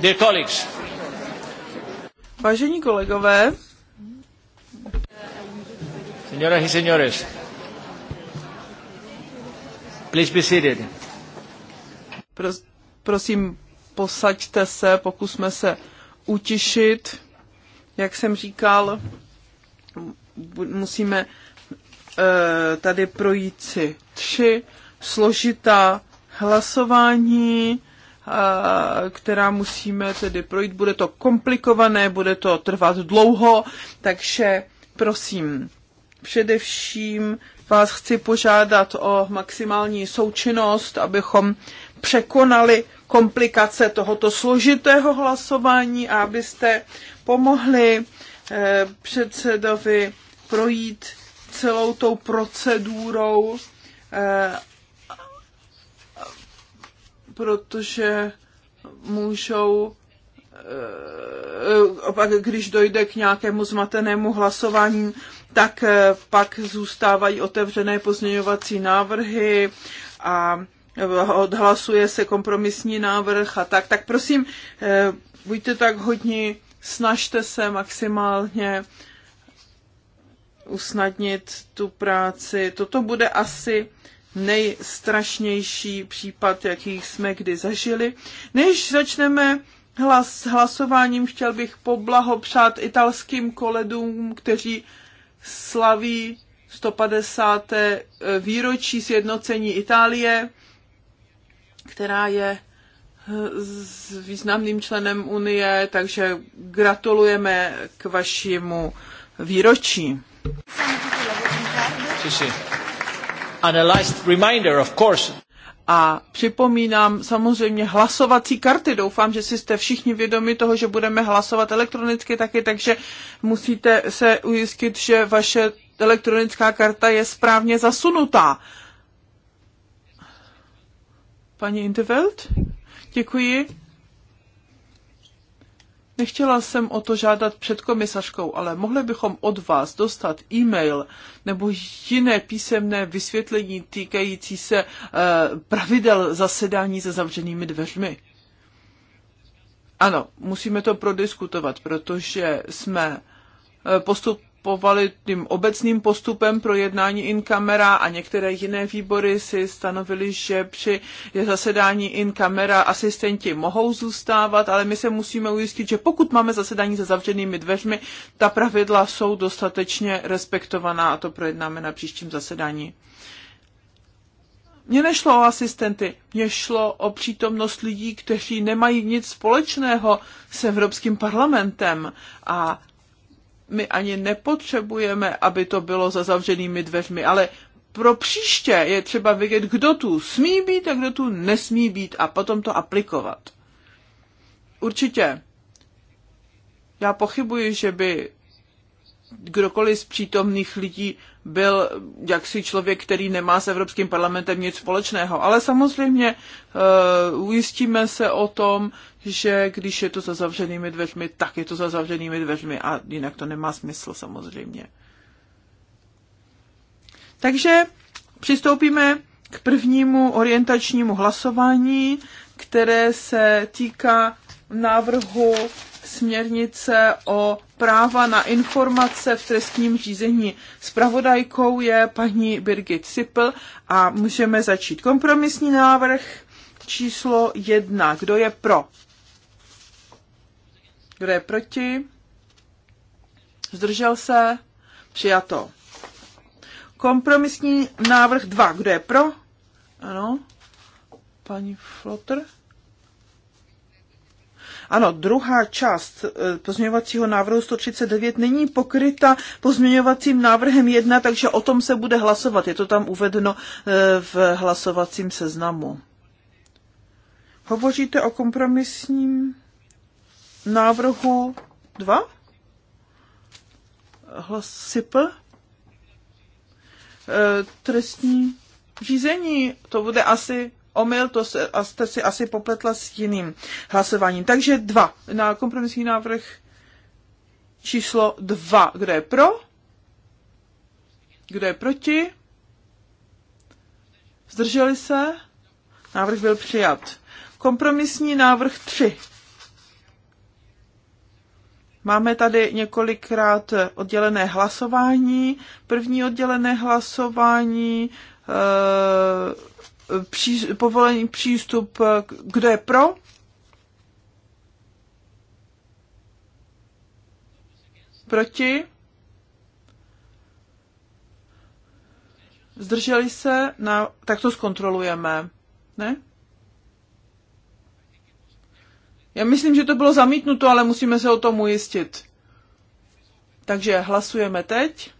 Dear colleagues. Vážení kolegové. Señoras y señores. Please be seated. Pros, prosím, posaďte se, pokusme se utišit. Jak jsem říkal, musíme eh, tady projít si tři složitá hlasování která musíme tedy projít. Bude to komplikované, bude to trvat dlouho, takže prosím, především vás chci požádat o maximální součinnost, abychom překonali komplikace tohoto složitého hlasování a abyste pomohli eh, předsedovi projít celou tou procedurou eh, protože můžou eh, eh, pak když dojde k nějakému zmatenému hlasování, tak eh, pak zůstávají otevřené pozměňovací návrhy a odhlasuje se kompromisní návrh a tak. Tak prosím, buďte tak hodní, snažte se maximálně usnadnit tu práci. Toto bude asi nejstrašnější případ, jaký jsme kdy zažili. Než začneme hlas, hlasováním, chtěl bych poblahopřát italským kolegům, kteří slaví 150. Eh, výročí sjednocení Itálie, která je eh, s významným členem Unie, takže gratulujeme k vašemu výročí. Sì, sì. A připomínám samozřejmě hlasovací karty. Doufám, že si jste všichni vědomi toho, že budeme hlasovat elektronicky taky, takže musíte se ujistit, že vaše elektronická karta je správně zasunutá. Paní Intervelt, děkuji. Nechtěla jsem o to žádat před komisařkou, ale mohli bychom od vás dostat e-mail nebo jiné písemné vysvětlení týkající se eh, pravidel zasedání se zavřenými dveřmi. Ano, musíme to prodiskutovat, protože jsme eh, postup postupovali tím obecným postupem pro jednání in camera a některé jiné výbory si stanovili, že při zasedání in camera asistenti mohou zůstávat, ale my se musíme ujistit, že pokud máme zasedání se zavřenými dveřmi, ta pravidla jsou dostatečně respektovaná a to projednáme na příštím zasedání. Mně nešlo o asistenty, mně šlo o přítomnost lidí, kteří nemají nic společného s Evropským parlamentem. A my ani nepotřebujeme, aby to bylo za zavřenými dveřmi, ale pro příště je třeba vědět, kdo tu smí být a kdo tu nesmí být a potom to aplikovat. Určitě. Já pochybuji, že by kdokoliv z přítomných lidí byl jaksi člověk, který nemá s Evropským parlamentem nic společného. Ale samozřejmě uh, ujistíme se o tom, že když je to za zavřenými dveřmi, tak je to za zavřenými dveřmi a jinak to nemá smysl samozřejmě. Takže přistoupíme k prvnímu orientačnímu hlasování, které se týká návrhu směrnice o práva na informace v trestním řízení. Spravodajkou je paní Birgit Sipl a můžeme začít. Kompromisní návrh číslo jedna. Kdo je pro? Kdo je proti? Zdržel se? Přijato. Kompromisní návrh 2. Kdo je pro? Ano. Paní Flotr? Ano, druhá část eh, pozměňovacího návrhu 139 není pokryta pozměňovacím návrhem 1, takže o tom se bude hlasovat. Je to tam uvedeno eh, v hlasovacím seznamu. Hovoříte o kompromisním návrhu 2? Hlas SIP E, trestní řízení. To bude asi omyl, to se, a jste si asi popletla s jiným hlasováním. Takže dva. Na kompromisní návrh číslo dva. Kdo je pro? Kdo je proti? Zdrželi se? Návrh byl přijat. Kompromisní návrh tři. Máme tady několikrát oddělené hlasování. První oddělené hlasování, eh, pří, povolený přístup, kdo je pro? Proti? Zdrželi se? Na, tak to zkontrolujeme. Ne? Já myslím, že to bylo zamítnuto, ale musíme se o tom ujistit. Takže hlasujeme teď.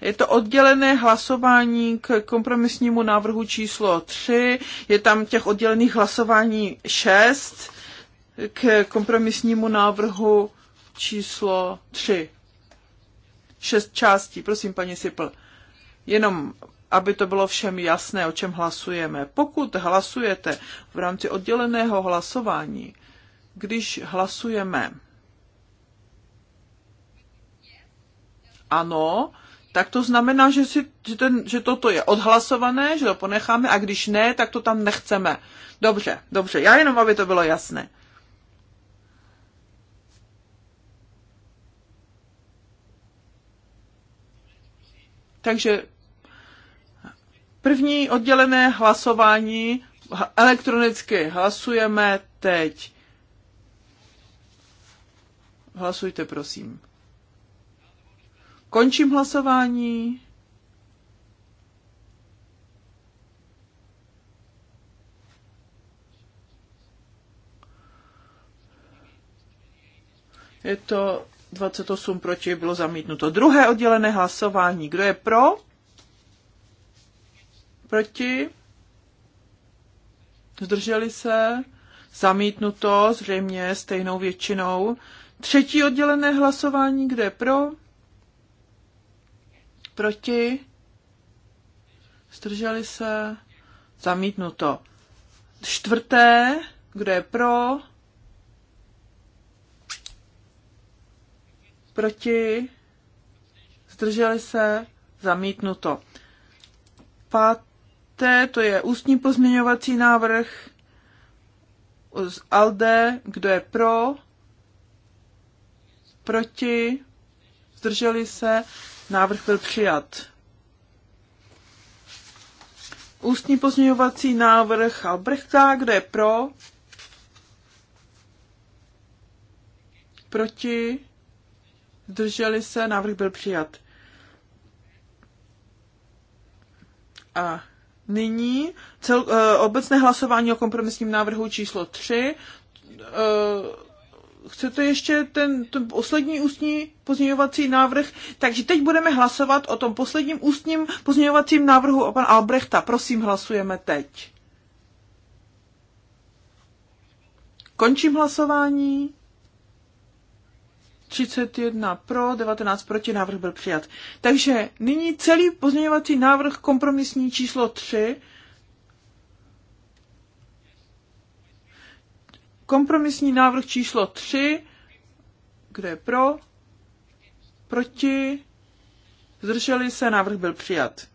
Je to oddělené hlasování k kompromisnímu návrhu číslo 3, je tam těch oddělených hlasování 6 k kompromisnímu návrhu číslo 3. Šest částí, prosím, paní Sipl. Jenom aby to bylo všem jasné, o čem hlasujeme. Pokud hlasujete v rámci odděleného hlasování, když hlasujeme ano, tak to znamená, že, si, že, ten, že toto je odhlasované, že to ponecháme a když ne, tak to tam nechceme. Dobře, dobře, já jenom, aby to bylo jasné. Takže První oddělené hlasování elektronicky hlasujeme teď. Hlasujte, prosím. Končím hlasování. Je to 28 proti, bylo zamítnuto. Druhé oddělené hlasování. Kdo je pro? Proti? Zdrželi se? Zamítnuto, zřejmě stejnou většinou. Třetí oddělené hlasování, kde je pro? Proti? Zdrželi se? Zamítnuto. Čtvrté, kde je pro? Proti? Zdrželi se? Zamítnuto. Pát, T, to je ústní pozměňovací návrh z ALDE, kdo je pro, proti, zdrželi se, návrh byl přijat. Ústní pozměňovací návrh Albrechta, kdo je pro, proti, zdrželi se, návrh byl přijat. A Nyní cel, eh, obecné hlasování o kompromisním návrhu číslo 3. Eh, chcete ještě ten, ten poslední ústní pozměňovací návrh? Takže teď budeme hlasovat o tom posledním ústním pozměňovacím návrhu o pan Albrechta. Prosím, hlasujeme teď. Končím hlasování. 31 pro, 19 proti, návrh byl přijat. Takže nyní celý pozměňovací návrh kompromisní číslo 3. Kompromisní návrh číslo 3, kde je pro, proti, zdrželi se, návrh byl přijat.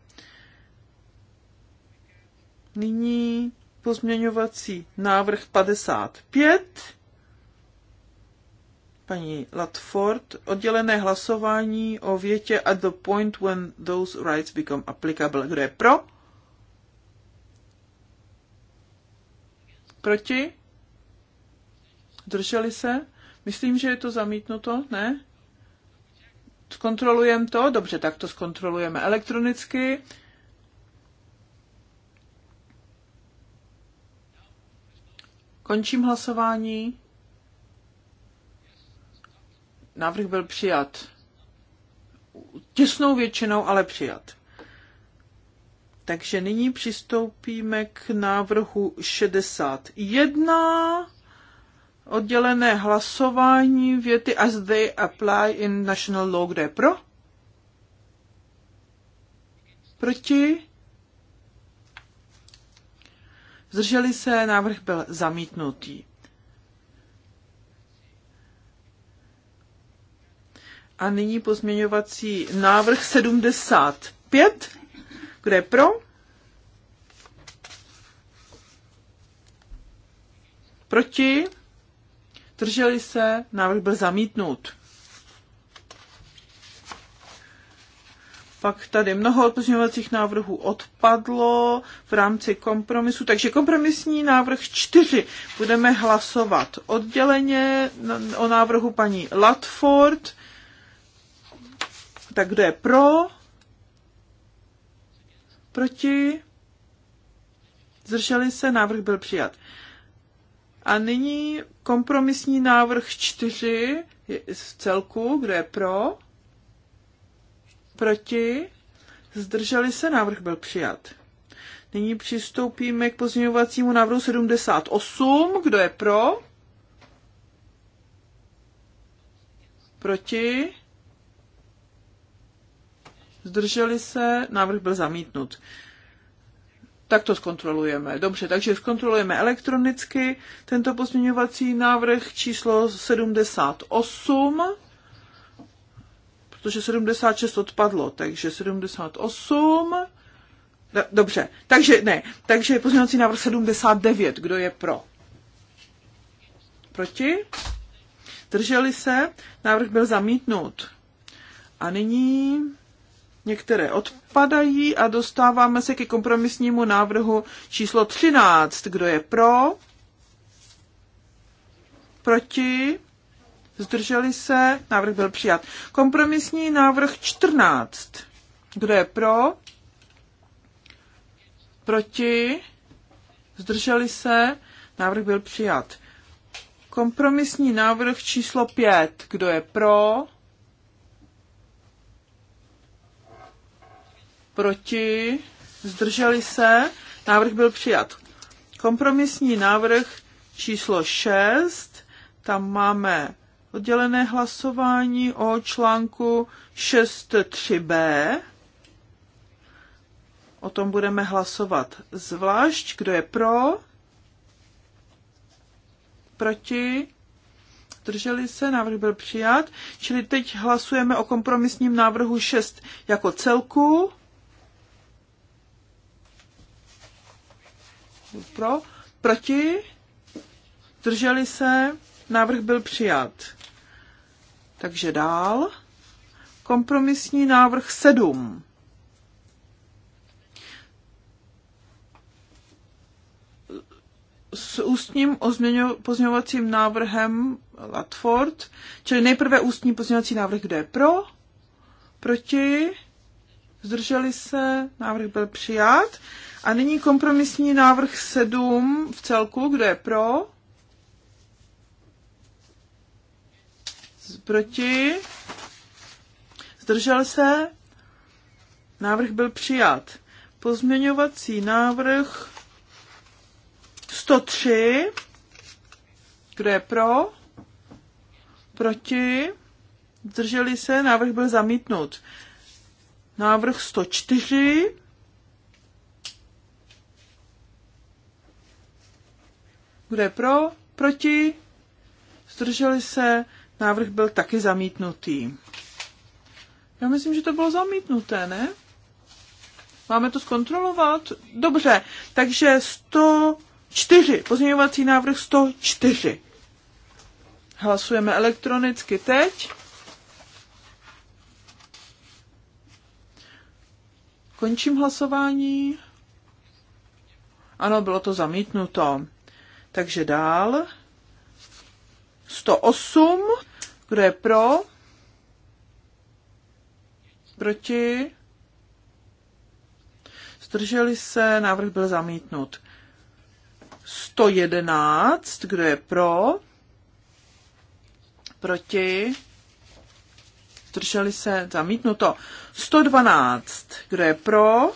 Nyní pozměňovací návrh 55 paní Latford, oddělené hlasování o větě at the point when those rights become applicable. Kdo je pro? Proti? Drželi se? Myslím, že je to zamítnuto, ne? Zkontrolujeme to? Dobře, tak to zkontrolujeme elektronicky. Končím hlasování. Návrh byl přijat těsnou většinou, ale přijat. Takže nyní přistoupíme k návrhu 61 oddělené hlasování věty as they apply in national law, kde je pro? Proti? Zdrželi se, návrh byl zamítnutý. A nyní pozměňovací návrh 75. Kde pro? Proti? Drželi se? Návrh byl zamítnut. Pak tady mnoho pozměňovacích návrhů odpadlo v rámci kompromisu, takže kompromisní návrh 4. Budeme hlasovat odděleně o návrhu paní Latford tak kdo je pro? Proti? Zdrželi se, návrh byl přijat. A nyní kompromisní návrh čtyři v celku, kdo je pro? Proti? Zdrželi se, návrh byl přijat. Nyní přistoupíme k pozměňovacímu návrhu 78. Kdo je pro? Proti? zdrželi se, návrh byl zamítnut. Tak to zkontrolujeme. Dobře, takže zkontrolujeme elektronicky tento pozměňovací návrh číslo 78, protože 76 odpadlo, takže 78. Dobře, takže ne, takže pozměňovací návrh 79, kdo je pro? Proti? Drželi se, návrh byl zamítnut. A nyní Některé odpadají a dostáváme se ke kompromisnímu návrhu číslo 13. Kdo je pro? Proti? Zdrželi se? Návrh byl přijat. Kompromisní návrh 14. Kdo je pro? Proti? Zdrželi se? Návrh byl přijat. Kompromisní návrh číslo 5. Kdo je pro? proti, zdrželi se, návrh byl přijat. Kompromisní návrh číslo 6, tam máme oddělené hlasování o článku 6.3b. O tom budeme hlasovat zvlášť. Kdo je pro? Proti? Drželi se, návrh byl přijat. Čili teď hlasujeme o kompromisním návrhu 6 jako celku. pro, proti, drželi se, návrh byl přijat. Takže dál. Kompromisní návrh 7. s ústním pozměňovacím návrhem Latford, čili nejprve ústní pozměňovací návrh, kde je pro, proti, zdrželi se, návrh byl přijat. A nyní kompromisní návrh 7 v celku, kdo je pro? Proti? Zdržel se? Návrh byl přijat. Pozměňovací návrh 103. Kdo je pro? Proti? Zdrželi se? Návrh byl zamítnut. Návrh 104. Kdo je pro? Proti? Zdrželi se? Návrh byl taky zamítnutý. Já myslím, že to bylo zamítnuté, ne? Máme to zkontrolovat? Dobře, takže 104, pozměňovací návrh 104. Hlasujeme elektronicky teď. Končím hlasování. Ano, bylo to zamítnuto. Takže dál. 108. Kdo je pro? Proti? Zdrželi se, návrh byl zamítnut. 111. Kdo je pro? Proti? Zdrželi se, zamítnuto. 112. Kdo je pro?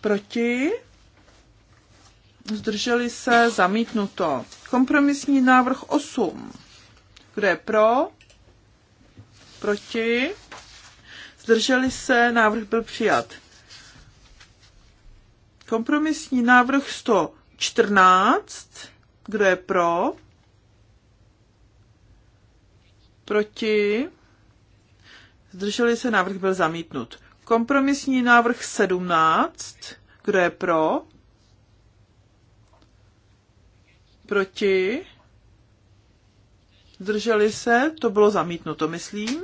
Proti? zdrželi se, zamítnuto. Kompromisní návrh 8. Kdo je pro? Proti? Zdrželi se, návrh byl přijat. Kompromisní návrh 114. Kdo je pro? Proti? Zdrželi se, návrh byl zamítnut. Kompromisní návrh 17. Kdo je pro? Proti? Zdrželi se? To bylo zamítnuto, myslím.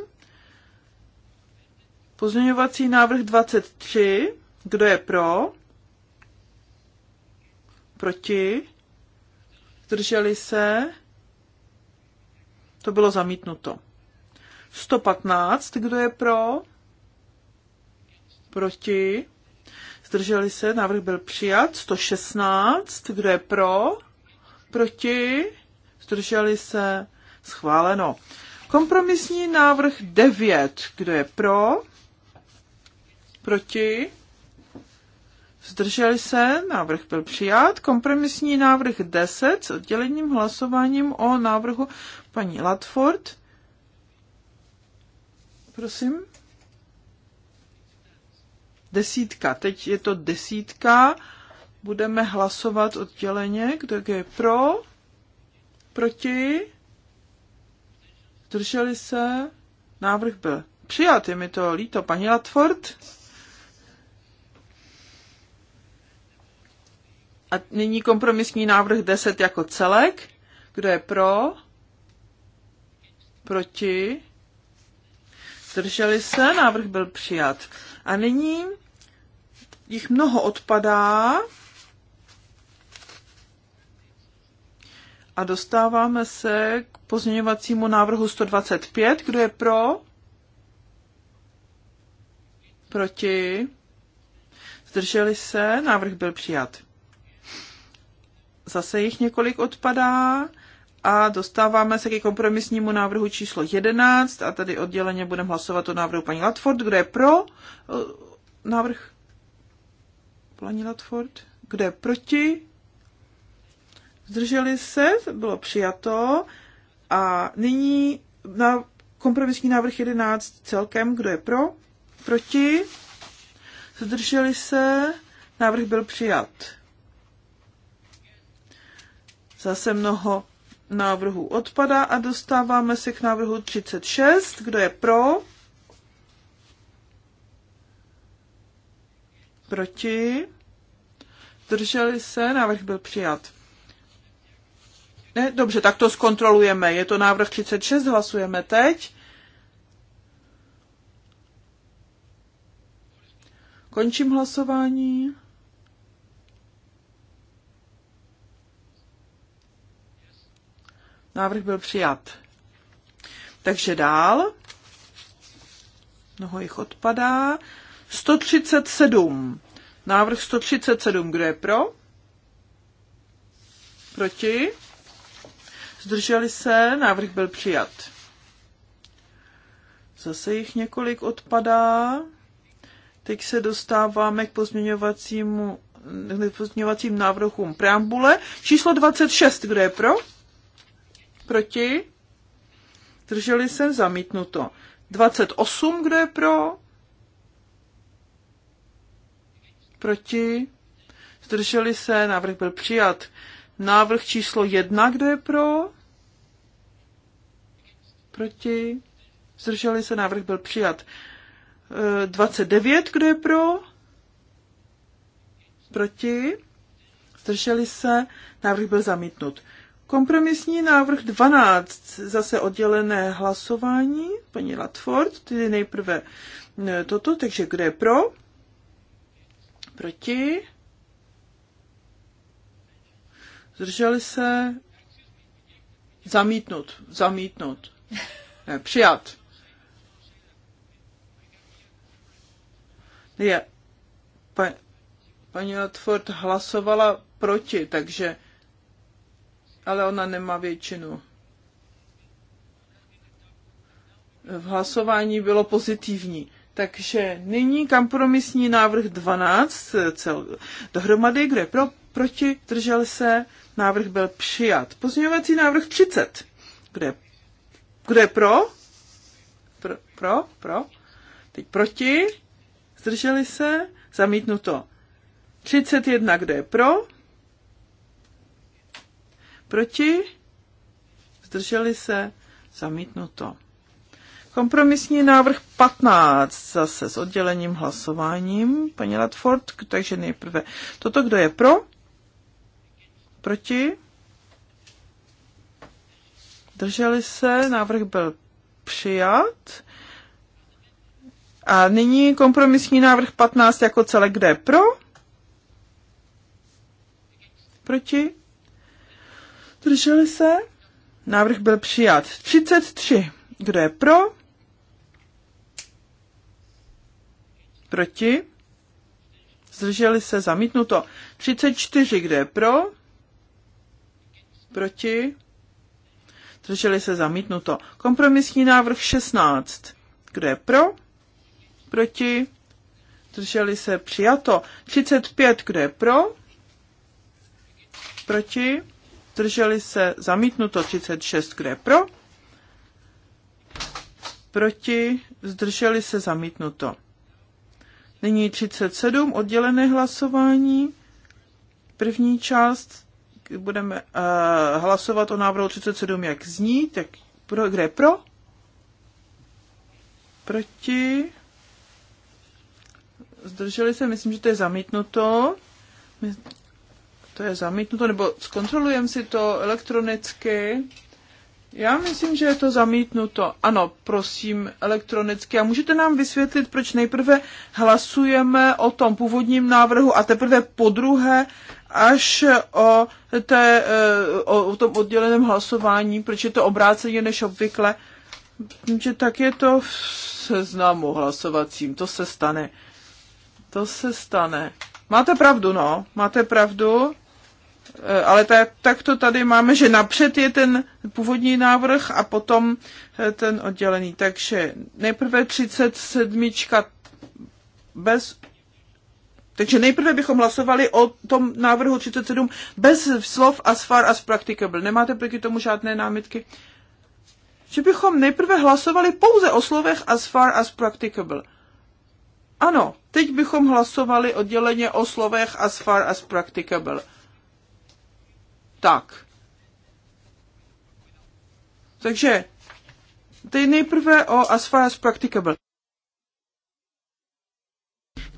Pozměňovací návrh 23. Kdo je pro? Proti? Zdrželi se? To bylo zamítnuto. 115. Kdo je pro? Proti? Zdrželi se? Návrh byl přijat. 116. Kdo je pro? proti, zdrželi se, schváleno. Kompromisní návrh 9, kdo je pro, proti, zdrželi se, návrh byl přijat. Kompromisní návrh 10 s oddělením hlasováním o návrhu paní Latford. Prosím. Desítka, teď je to desítka budeme hlasovat odděleně, kdo je pro, proti, drželi se, návrh byl přijat, je mi to líto, paní Latford. A nyní kompromisní návrh 10 jako celek. Kdo je pro? Proti? Zdrželi se, návrh byl přijat. A nyní jich mnoho odpadá, A dostáváme se k pozměňovacímu návrhu 125. Kdo je pro? Proti? Zdrželi se? Návrh byl přijat. Zase jich několik odpadá a dostáváme se ke kompromisnímu návrhu číslo 11 a tady odděleně budeme hlasovat o návrhu paní Latford. Kdo je pro eh, návrh paní Latford? Kdo je proti? zdrželi se, bylo přijato a nyní na kompromisní návrh 11 celkem, kdo je pro, proti, zdrželi se, návrh byl přijat. Zase mnoho návrhů odpadá a dostáváme se k návrhu 36, kdo je pro, proti, zdrželi se, návrh byl přijat. Ne, dobře, tak to zkontrolujeme. Je to návrh 36, hlasujeme teď. Končím hlasování. Návrh byl přijat. Takže dál. Mnoho jich odpadá. 137. Návrh 137. Kdo je pro? Proti? zdrželi se, návrh byl přijat. Zase jich několik odpadá. Teď se dostáváme k pozměňovacímu pozměňovacím návrhům preambule. Číslo 26, kdo je pro? Proti? Drželi se, zamítnuto. 28, kdo je pro? Proti? Zdrželi se, návrh byl přijat. Návrh číslo jedna, kdo je pro? Proti? Zdrželi se, návrh byl přijat. 29, e, kdo je pro? Proti? Zdrželi se, návrh byl zamítnut. Kompromisní návrh 12, zase oddělené hlasování, paní Latford, tedy nejprve e, toto, takže kdo je pro? Proti? zdrželi se, zamítnout, zamítnout, ne, přijat. Je, pa, paní Latford hlasovala proti, takže, ale ona nemá většinu. V hlasování bylo pozitivní. Takže nyní kompromisní návrh 12 cel, dohromady, kde pro, proti, držel se, Návrh byl přijat. Pozměňovací návrh 30. Kde, kde pro? pro? Pro, pro. Teď proti. Zdrželi se. Zamítnuto. 31. Kde je pro? Proti. Zdrželi se. Zamítnuto. Kompromisní návrh 15, zase s oddělením hlasováním, paní Latford, takže nejprve toto, kdo je pro, Proti? Drželi se, návrh byl přijat. A nyní kompromisní návrh 15 jako celek, kde pro? Proti? Drželi se? Návrh byl přijat. 33. Kdo je pro? Proti? Zdrželi se zamítnuto. 34. Kdo je pro? Proti? Zdrželi se zamítnuto. Kompromisní návrh 16. Kdo je pro? Proti? Zdrželi se přijato. 35. Kdo je pro? Proti? Zdrželi se zamítnuto. 36. Kdo je pro? Proti? Zdrželi se zamítnuto. Nyní 37. Oddělené hlasování. První část budeme uh, hlasovat o návrhu 37, jak zní, tak pro, kde je pro? Proti? Zdrželi se, myslím, že to je zamítnuto. My, to je zamítnuto, nebo zkontrolujeme si to elektronicky. Já myslím, že je to zamítnuto. Ano, prosím, elektronicky. A můžete nám vysvětlit, proč nejprve hlasujeme o tom původním návrhu a teprve po druhé až o, té, eh, o tom odděleném hlasování, proč je to obráceně než obvykle, že tak je to v seznamu hlasovacím, to se stane. To se stane. Máte pravdu, no, máte pravdu, eh, ale tak, tak to tady máme, že napřed je ten původní návrh a potom eh, ten oddělený. Takže nejprve 37 bez takže nejprve bychom hlasovali o tom návrhu 37 bez slov as far as practicable. Nemáte proti tomu žádné námitky? Že bychom nejprve hlasovali pouze o slovech as far as practicable. Ano, teď bychom hlasovali odděleně o slovech as far as practicable. Tak. Takže, teď nejprve o as far as practicable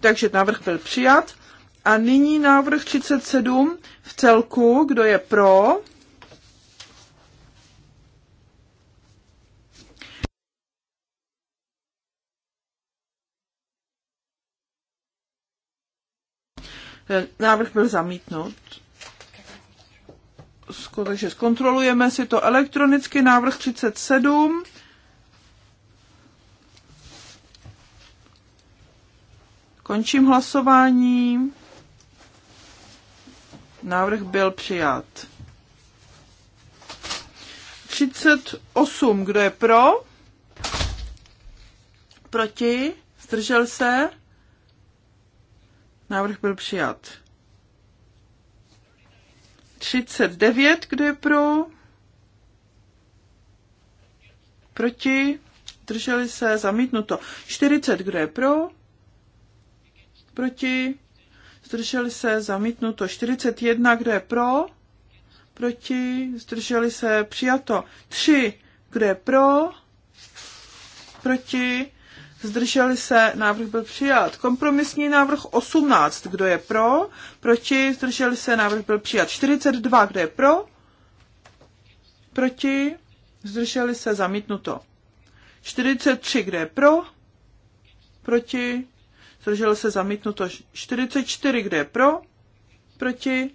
takže návrh byl přijat. A nyní návrh 37 v celku, kdo je pro? Návrh byl zamítnut. Takže zkontrolujeme si to elektronicky. Návrh 37. Končím hlasování. Návrh byl přijat. 38. Kdo je pro? Proti? Zdržel se? Návrh byl přijat. 39. Kdo je pro? Proti? Drželi se? Zamítnuto. 40. Kdo je pro? proti, zdrželi se, zamítnuto 41, kdo je pro, proti, zdrželi se, přijato 3, kdo je pro, proti, zdrželi se, návrh byl přijat. Kompromisní návrh 18, kdo je pro, proti, zdrželi se, návrh byl přijat. 42, kdo je pro, proti, zdrželi se, zamítnuto. 43, kdo je pro, proti, zdržel se zamítnuto 44, kde je pro, proti,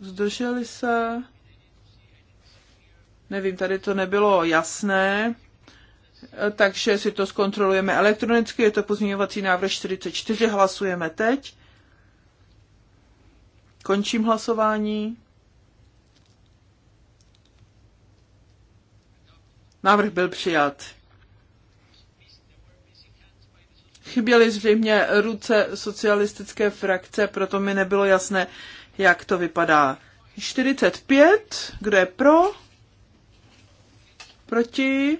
zdrželi se, nevím, tady to nebylo jasné, takže si to zkontrolujeme elektronicky, je to pozměňovací návrh 44, hlasujeme teď. Končím hlasování. Návrh byl přijat. Chyběly zřejmě ruce socialistické frakce, proto mi nebylo jasné, jak to vypadá. 45, kdo je pro? Proti?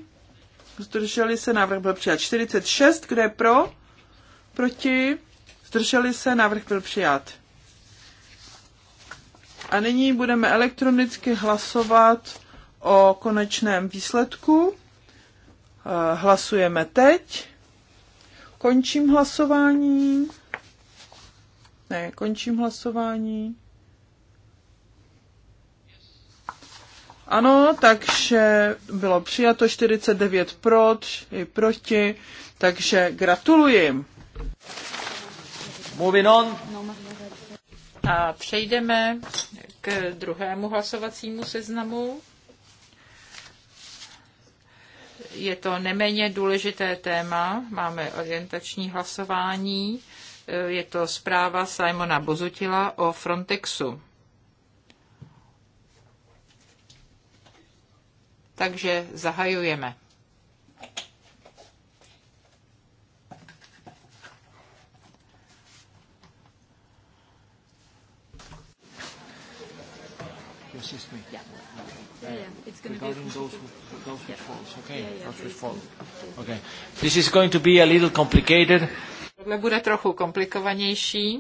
Zdrželi se, návrh byl přijat. 46, kdo je pro? Proti? Zdrželi se, návrh byl přijat. A nyní budeme elektronicky hlasovat o konečném výsledku. Eh, hlasujeme teď. Končím hlasování. Ne, končím hlasování. Ano, takže bylo přijato 49 pro, i proti, takže gratuluji. Moving on. A přejdeme k druhému hlasovacímu seznamu je to neméně důležité téma. Máme orientační hlasování. E, je to zpráva Simona Bozutila o Frontexu. Takže zahajujeme. Yeah. Yeah. Yeah. Regarding those with, those with falls, okay. Yeah, yeah, those with fall. Okay. This is going to be a little complicated. Tohle bude trochu komplikovanější,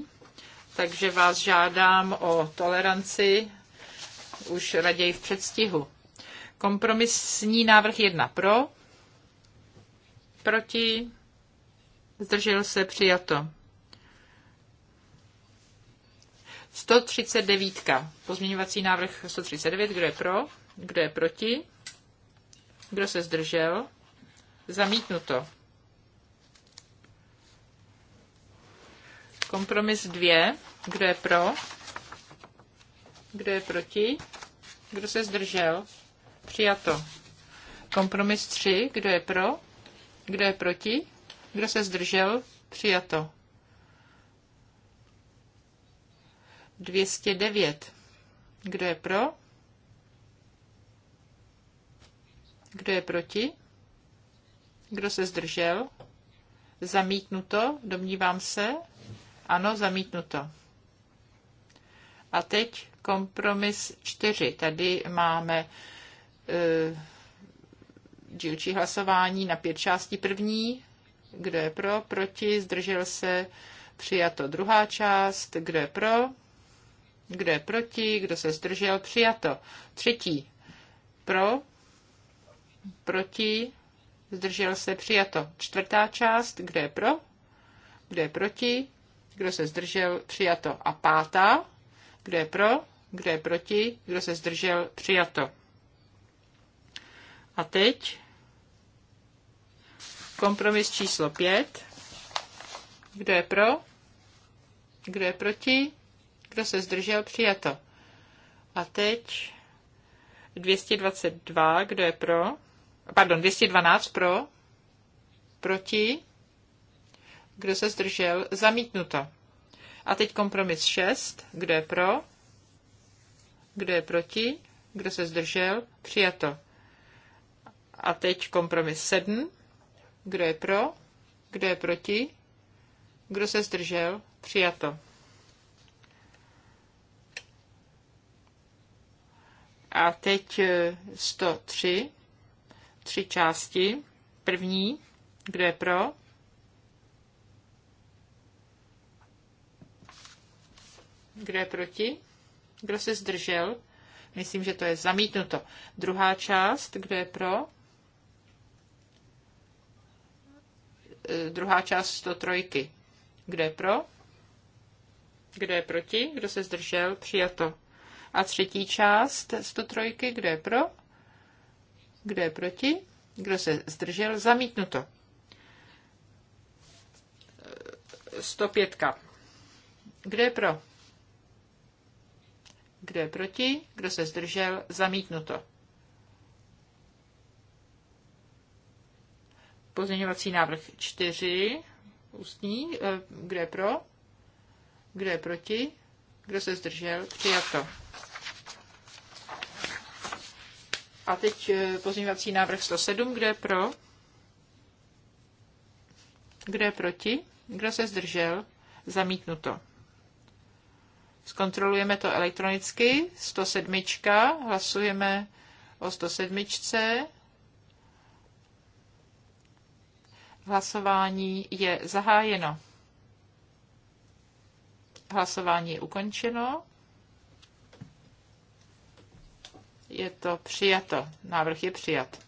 takže vás žádám o toleranci už raději v předstihu. Kompromisní návrh jedna pro, proti, zdržel se, přijato. 139. Pozměňovací návrh 139, kdo je pro? Kdo je proti? Kdo se zdržel? Zamítnuto. Kompromis 2. Kdo je pro? Kdo je proti? Kdo se zdržel? Přijato. Kompromis 3. Kdo je pro? Kdo je proti? Kdo se zdržel? Přijato. 209. Kdo je pro? Kdo je proti? Kdo se zdržel? Zamítnuto, domnívám se. Ano, zamítnuto. A teď kompromis 4. Tady máme e, dílčí hlasování na pět částí. První, kdo je pro, proti, zdržel se, přijato. Druhá část, kdo je pro, kdo je proti, kdo se zdržel, přijato. Třetí, pro, proti, zdržel se, přijato. Čtvrtá část, kdo je pro, kdo je proti, kdo se zdržel, přijato. A pátá, kdo je pro, kdo je proti, kdo se zdržel, přijato. A teď kompromis číslo pět Kdo je pro? Kdo je proti? Kdo se zdržel? Přijato. A teď 222. Kdo je pro? pardon, 212 pro, proti, kdo se zdržel, zamítnuto. A teď kompromis 6, kdo je pro, kdo je proti, kdo se zdržel, přijato. A teď kompromis 7, kdo je pro, kdo je proti, kdo se zdržel, přijato. A teď 103. Eh, tři části. První, kdo je pro? Kdo je proti? Kdo se zdržel? Myslím, že to je zamítnuto. Druhá část, kdo je pro? E, druhá část 103. Kdo je pro? Kdo je proti? Kdo se zdržel? Přijato. A třetí část 103. Kdo je pro? Kdo je proti? Kdo se zdržel? Zamítnuto. 105. Kdo je pro? Kdo je proti? Kdo se zdržel? Zamítnuto. Pozměňovací návrh 4, ústní, eh, kdo je pro? Kdo je proti? Kdo se zdržel? Přijato. A teď eh, pozměňovací návrh 107, kde je pro? Kdo je proti? Kdo se zdržel? Zamítnuto. Zkontrolujeme to elektronicky. 107. Hlasujeme o 107. Hlasování je zahájeno. Hlasování je ukončeno. Je to přijato. Návrh je přijat.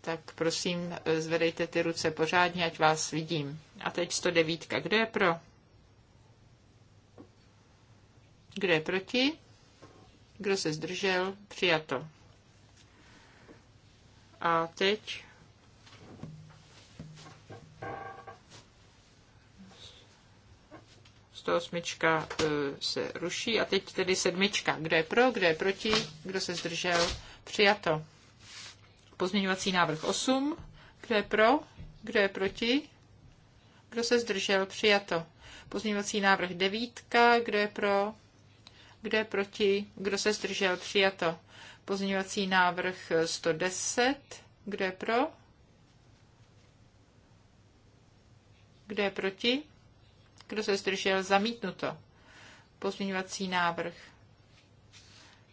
Tak prosím, zvedejte ty ruce pořádně, ať vás vidím. A teď 109. Kdo je pro? Kdo je proti? Kdo se zdržel? Přijato. A teď 108 e, se ruší a teď tedy sedmička. Kdo je pro, kdo je proti, kdo se zdržel, přijato. Pozměňovací návrh 8. Kdo je pro, kdo je proti, kdo se zdržel, přijato. Pozměňovací návrh 9. Kdo je pro, kdo je proti, kdo se zdržel, přijato. Pozměňovací návrh 110. Kdo je pro? Kdo je proti? Kdo se zdržel? Zamítnuto. Pozměňovací návrh.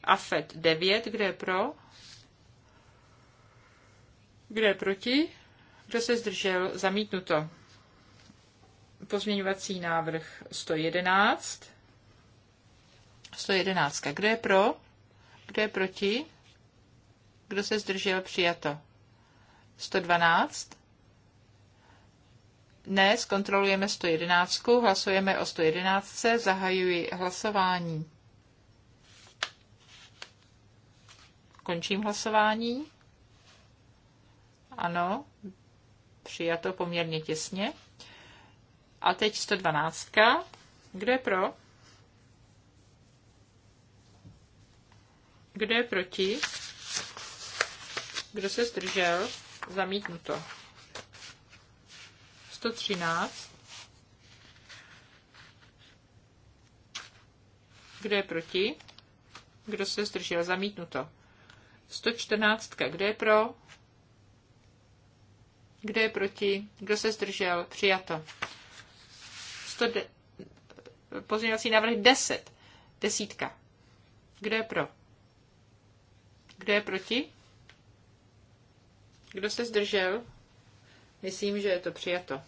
AFET 9. Kdo je pro? Kdo je proti? Kdo se zdržel? Zamítnuto. Pozměňovací návrh 111. 111. Kdo je pro? Kdo je proti? Kdo se zdržel? Přijato. 112. Ne, zkontrolujeme 111, hlasujeme o 111, zahajuji hlasování. Končím hlasování. Ano, přijato poměrně těsně. A teď 112. Kdo je pro? Kdo je proti? Kdo se zdržel? Zamítnuto. 113. Kdo je proti? Kdo se zdržel? Zamítnuto. 114. Kdo je pro? Kdo je proti? Kdo se zdržel? Přijato. 100 de... Pozměňovací návrh 10. Desítka. Kdo je pro? Kdo je proti? Kdo se zdržel? Myslím, že je to přijato.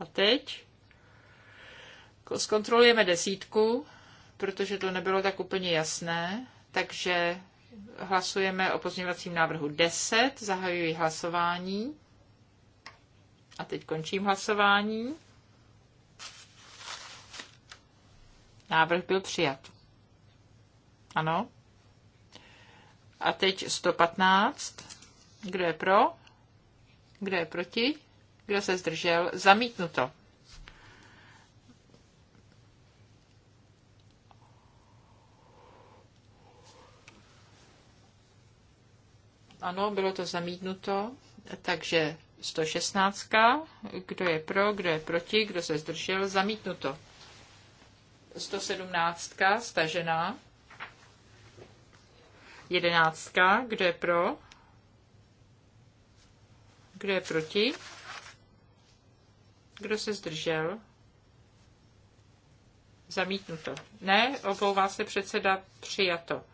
A teď zkontrolujeme desítku, protože to nebylo tak úplně jasné, takže hlasujeme o pozměňovacím návrhu 10, zahajuji hlasování a teď končím hlasování. Návrh byl přijat. Ano. A teď 115. Kdo je pro? Kdo je proti? Kdo se zdržel? Zamítnuto. Ano, bylo to zamítnuto, takže 116. Kdo je pro, kdo je proti, kdo se zdržel, zamítnuto. 117. Stažená. 11. Kdo je pro, kdo je proti? Kdo se zdržel? Zamítnuto. Ne, obouvá se předseda, přijato.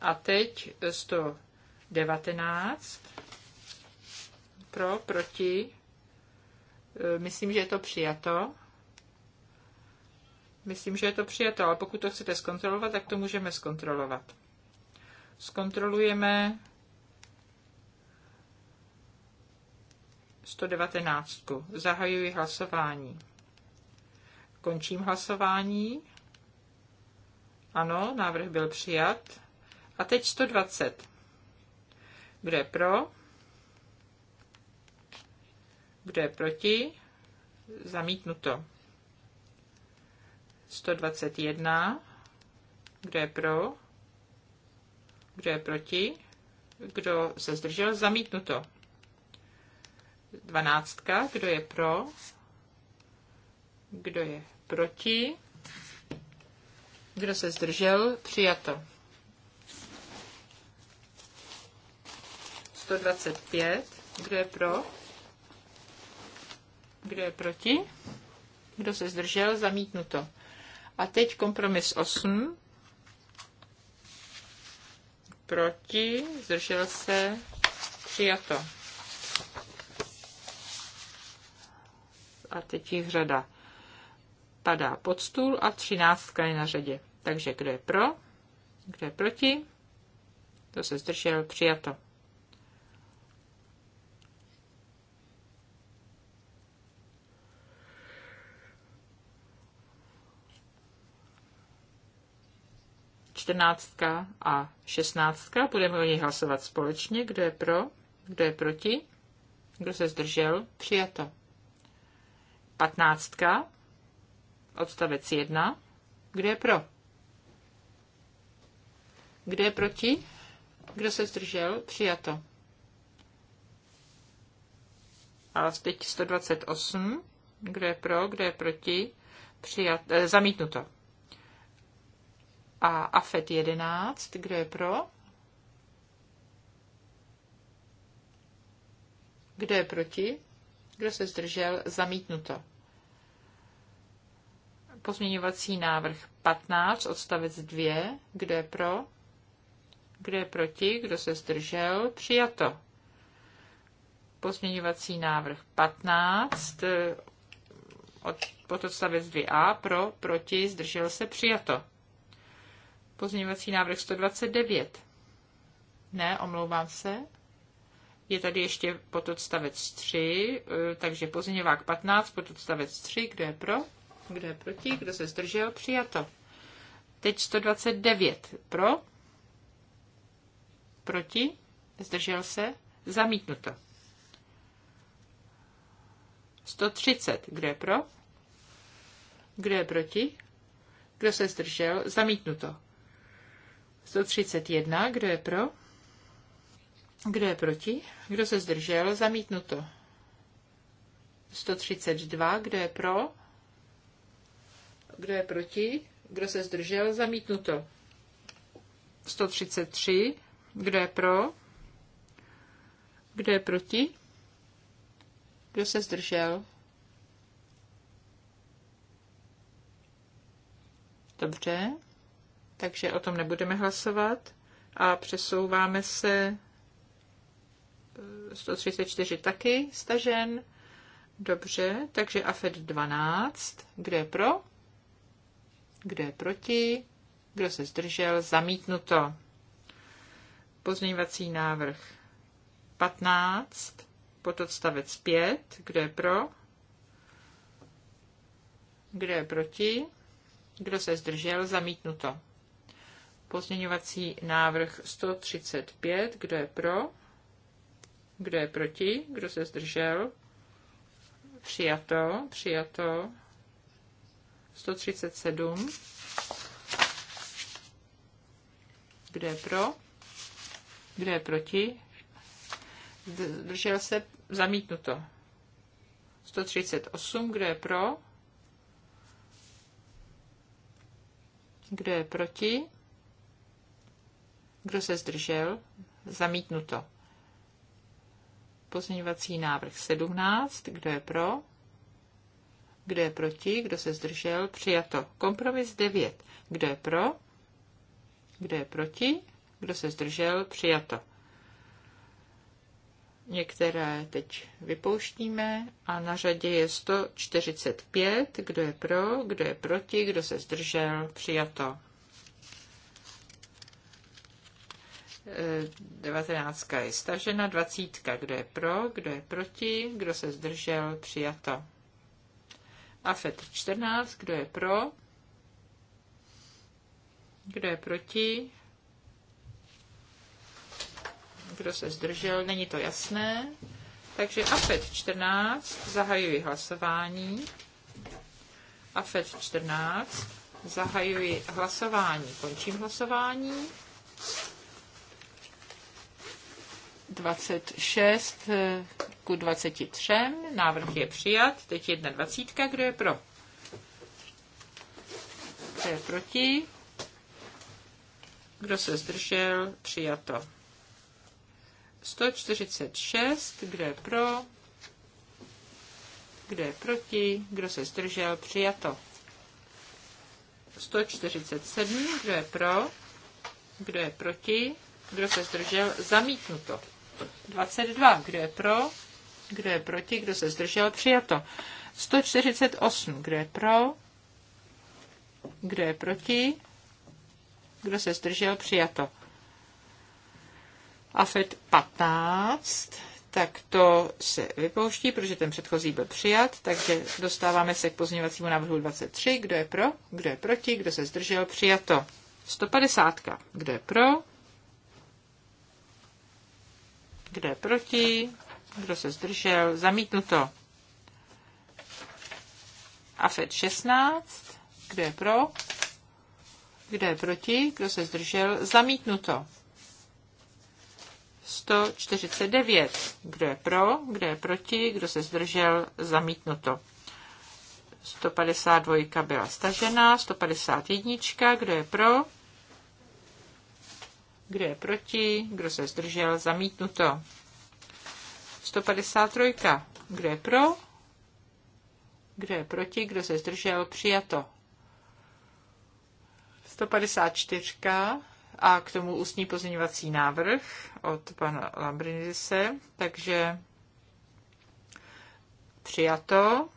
A teď 119. Pro, proti. E, myslím, že je to přijato. Myslím, že je to přijato, ale pokud to chcete zkontrolovat, tak to můžeme zkontrolovat. Zkontrolujeme 119. Zahajuji hlasování. Končím hlasování. Ano, návrh byl přijat. A teď 120. Kdo je pro? Kdo je proti? Zamítnuto. 121. Kdo je pro? Kdo je proti? Kdo se zdržel? Zamítnuto. Dvanáctka. Kdo je pro? Kdo je proti? Kdo se zdržel? Přijato. 125. Kdo je pro? Kdo je proti? Kdo se zdržel? Zamítnuto. A teď kompromis 8. Proti, zdržel se, přijato. a teď jich řada padá pod stůl a třináctka je na řadě. Takže kdo je pro, kdo je proti, to se zdržel, přijato. čtrnáctka a šestnáctka. Budeme o nich hlasovat společně. Kdo je pro, kdo je proti, kdo se zdržel, přijato. Patnáctka, odstavec 1. Kdo je pro? Kdo je proti? Kdo se zdržel? Přijato. A teď 128. Kdo je pro? Kdo je proti? Přijat, eh, zamítnuto. A AFET 11. Kdo je pro? Kdo je proti? Kdo se zdržel? Zamítnuto. Pozměňovací návrh 15, odstavec 2. Kdo je pro? Kdo je proti? Kdo se zdržel? Přijato. Pozměňovací návrh 15, od, pod odstavec 2a, pro, proti, zdržel se, přijato. Pozměňovací návrh 129. Ne, omlouvám se je tady ještě pododstavec 3, eh, takže pozměňovák 15, pododstavec 3, kdo je pro, kdo je proti, kdo se zdržel, přijato. Teď 129 pro, proti, zdržel se, zamítnuto. 130, kdo je pro, kdo je proti, kdo se zdržel, zamítnuto. 131, kdo je pro, kdo je proti? Kdo se zdržel? Zamítnuto. 132. Kdo je pro? Kdo je proti? Kdo se zdržel? Zamítnuto. 133. Kdo je pro? Kdo je proti? Kdo se zdržel? Dobře, takže o tom nebudeme hlasovat a přesouváme se 134 taky stažen. Dobře, takže AFED 12. Kdo je pro? Kdo je proti? Kdo se zdržel? Zamítnuto. Pozměňovací návrh 15, odstavec 5. Kdo je pro? Kdo je proti? Kdo se zdržel? Zamítnuto. Pozměňovací návrh 135. Kdo je pro? Kdo je proti? Kdo se zdržel? Přijato, přijato. 137. Kdo je pro? Kdo je proti? Zdržel se? Zamítnuto. 138. Kdo je pro? Kdo je proti? Kdo se zdržel? Zamítnuto. Pozměňovací návrh 17. Kdo je pro? Kdo je proti? Kdo se zdržel? Přijato. Kompromis 9. Kdo je pro? Kdo je proti? Kdo se zdržel? Přijato. Některé teď vypouštíme a na řadě je 145. Kdo je pro? Kdo je proti? Kdo se zdržel? Přijato. 19. je stažena, 20. kdo je pro, kdo je proti, kdo se zdržel, přijato. AFET 14, kdo je pro, kdo je proti, kdo se zdržel, není to jasné. Takže AFET 14, zahajuji hlasování. AFET 14, zahajuji hlasování, končím hlasování. 26 eh, ku 23. Návrh je přijat. Teď 21. Kdo je pro? Kdo je proti? Kdo se zdržel? Přijato. 146. Kdo je pro? Kdo je proti? Kdo se zdržel? Přijato. 147. Kdo je pro? Kdo je proti? Kdo se zdržel? Zamítnuto. 22. Kdo je pro? Kdo je proti? Kdo se zdržel? Přijato. 148. Kdo je pro? Kdo je proti? Kdo se zdržel? Přijato. AFED 15 tak to se vypouští, protože ten předchozí byl přijat, takže dostáváme se k pozměňovacímu návrhu 23. Kdo je pro? Kdo je proti? Kdo se zdržel? Přijato. 150. Kdo je pro? Kdo je proti? Kdo se zdržel? Zamítnuto. AFED 16. Kdo je pro? Kdo je proti? Kdo se zdržel? Zamítnuto. 149. Kdo je pro? Kdo je proti? Kdo se zdržel? Zamítnuto. 152 byla stažena. 151. Kdo je pro? Kdo je proti? Kdo se zdržel? Zamítnuto. 153. Kdo je pro? Kdo je proti? Kdo se zdržel? Přijato. 154. A k tomu ústní pozměňovací návrh od pana Lambrinise. Takže přijato.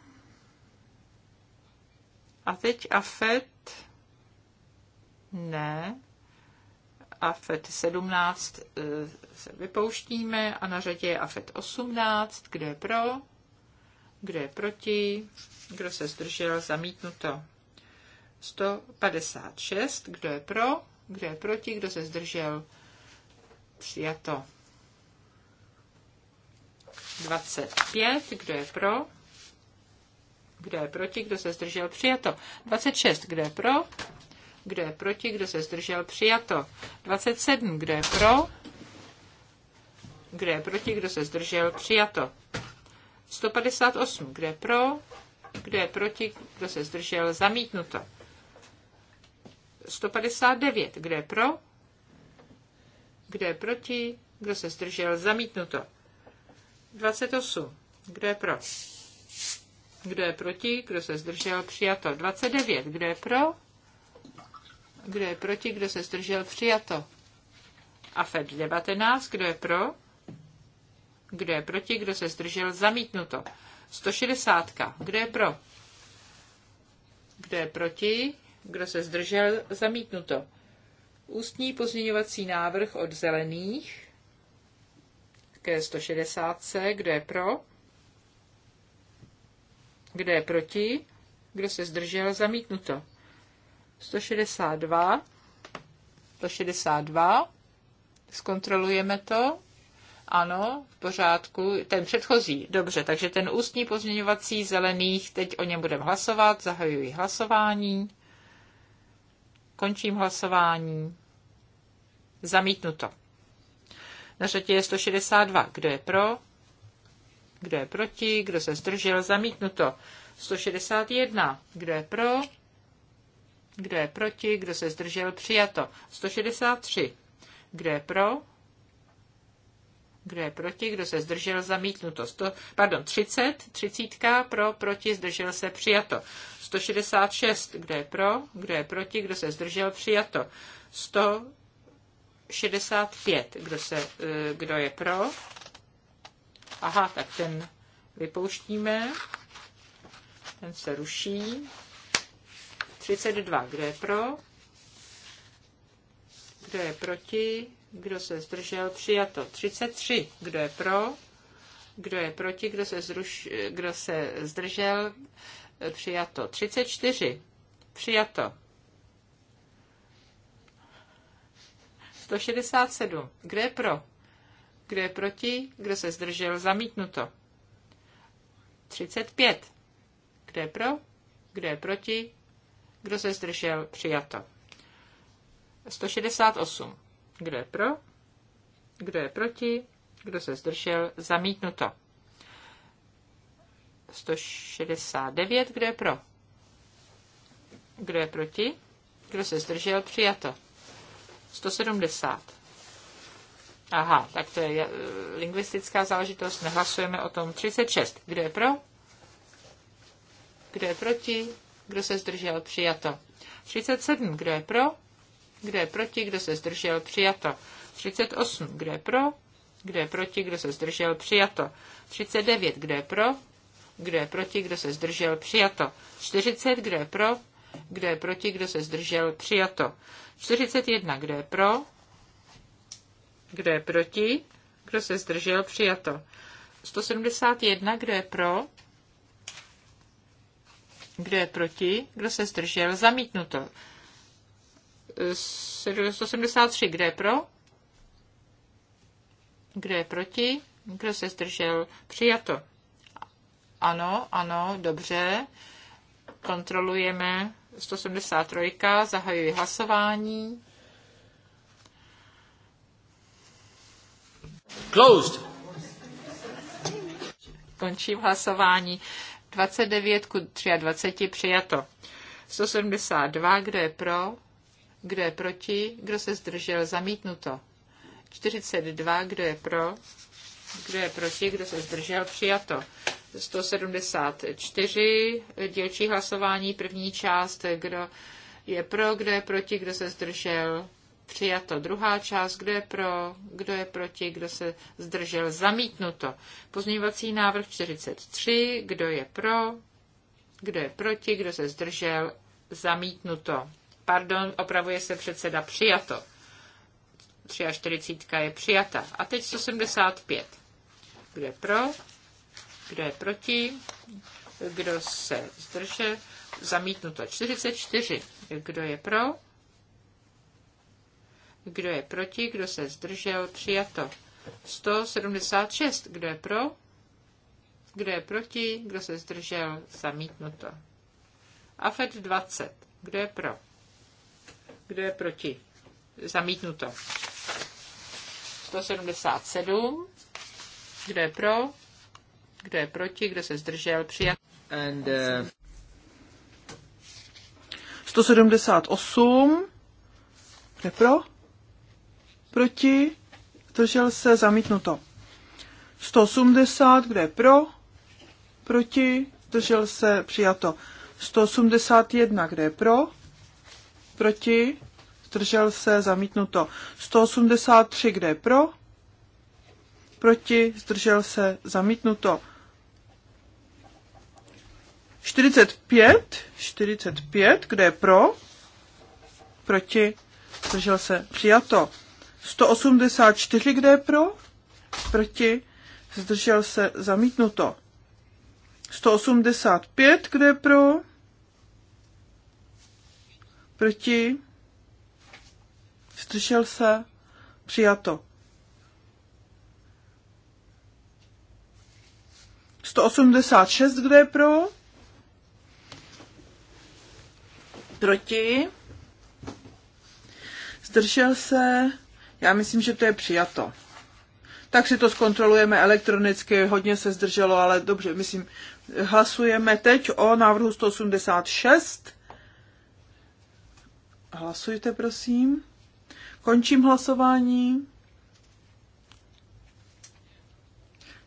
A teď AFET. Ne. AFET 17 e, se vypouštíme a na řadě je AFET 18. Kdo je pro? Kdo je proti? Kdo se zdržel? Zamítnuto. 156. Kdo je pro? Kdo je proti? Kdo se zdržel? Přijato. 25. Kdo je pro? Kdo je proti? Kdo se zdržel? Přijato. 26. Kdo je pro? kdo je proti, kdo se zdržel, přijato. 27, kdo je pro, kdo je proti, kdo se zdržel, přijato. 158, kdo je pro, kdo je proti, kdo se zdržel, zamítnuto. 159, kdo je pro, kdo je proti, kdo se zdržel, zamítnuto. 28, kdo je pro, kdo je proti, kdo se zdržel, přijato. 29, kdo je pro, kdo je proti? Kdo se zdržel? Přijato. A FED 19. Kdo je pro? Kdo je proti? Kdo se zdržel? Zamítnuto. 160. Kdo je pro? Kdo je proti? Kdo se zdržel? Zamítnuto. Ústní pozměňovací návrh od zelených ke 160. Kdo je pro? Kdo je proti? Kdo se zdržel? Zamítnuto. 162. 162. Zkontrolujeme to. Ano, v pořádku. Ten předchozí, dobře, takže ten ústní pozměňovací zelených, teď o něm budeme hlasovat, zahajuji hlasování, končím hlasování, zamítnuto. Na řadě je 162. Kdo je pro? Kdo je proti? Kdo se zdržel? Zamítnuto. 161. Kdo je pro? Kdo je proti? Kdo se zdržel? Přijato. 163. Kdo je pro? Kdo je proti? Kdo se zdržel? Zamítnuto. 100, pardon, 30. 30. Pro, proti, zdržel se, přijato. 166. Kdo je pro? Kdo je proti? Kdo se zdržel? Přijato. 165. Kdo, se, eh, kdo je pro? Aha, tak ten vypouštíme. Ten se ruší. 32. Kdo je pro? Kdo je proti? Kdo se zdržel? Přijato. 33. Kdo je pro? Kdo je proti? Kdo se, zruš... Kdo se zdržel? Přijato. 34. Přijato. 167. Kdo je pro? Kdo je proti? Kdo se zdržel? Zamítnuto. 35. Kdo je pro? Kdo je proti? Kdo se zdržel? Přijato. 168. Kdo je pro? Kdo je proti? Kdo se zdržel? Zamítnuto. 169. Kdo je pro? Kdo je proti? Kdo se zdržel? Přijato. 170. Aha, tak to je lingvistická záležitost. Nehlasujeme o tom. 36. Kdo je pro? Kdo je proti? kdo se zdržel, přijato. 37, kdo je pro, kdo je proti, kdo se zdržel, přijato. 38, kdo je pro, kdo je proti, kdo se zdržel, přijato. 39, kdo je pro, kdo je proti, kdo se zdržel, přijato. 40, kdo je pro, kdo je proti, kdo se zdržel, přijato. 41, kdo je pro, kdo je proti, kdo se zdržel, přijato. 171, kdo je pro, kdo je proti? Kdo se zdržel? Zamítnuto. 173. Kdo je pro? Kdo je proti? Kdo se zdržel? Přijato. Ano, ano, dobře. Kontrolujeme 173. Zahajuji hlasování. Closed. Končím hlasování. 29 ku 23 přijato. 172, kdo je pro, kdo je proti, kdo se zdržel, zamítnuto. 42, kdo je pro, kdo je proti, kdo se zdržel, přijato. 174, dílčí hlasování, první část, kdo je pro, kdo je proti, kdo se zdržel, Přijato druhá část, kdo je pro, kdo je proti, kdo se zdržel, zamítnuto. Pozměňovací návrh 43, kdo je pro, kdo je proti, kdo se zdržel, zamítnuto. Pardon, opravuje se předseda, přijato. 43 je přijata. A teď 175. Kdo je pro, kdo je proti, kdo se zdržel, zamítnuto. 44, kdo je pro, kdo je proti? Kdo se zdržel? Přijato. 176. Kdo je pro? Kdo je proti? Kdo se zdržel? Zamítnuto. AFED 20. Kdo je pro? Kdo je proti? Zamítnuto. 177. Kdo je pro? Kdo je proti? Kdo se zdržel? Přijat. And, uh... 178. Kdo je pro? proti, držel se, zamítnuto. 180, kde je pro, proti, držel se, přijato. 181, kde je pro, proti, zdržel se, zamítnuto. 183, kde je pro, proti, zdržel se, zamítnuto. 45, 45, kde je pro, proti, zdržel se, přijato. 184, kde je pro? Proti? Zdržel se zamítnuto. 185, kde je pro? Proti? Zdržel se přijato. 186, kde je pro? Proti? Zdržel se já myslím, že to je přijato. Tak si to zkontrolujeme elektronicky, hodně se zdrželo, ale dobře, myslím, hlasujeme teď o návrhu 186. Hlasujte, prosím. Končím hlasování.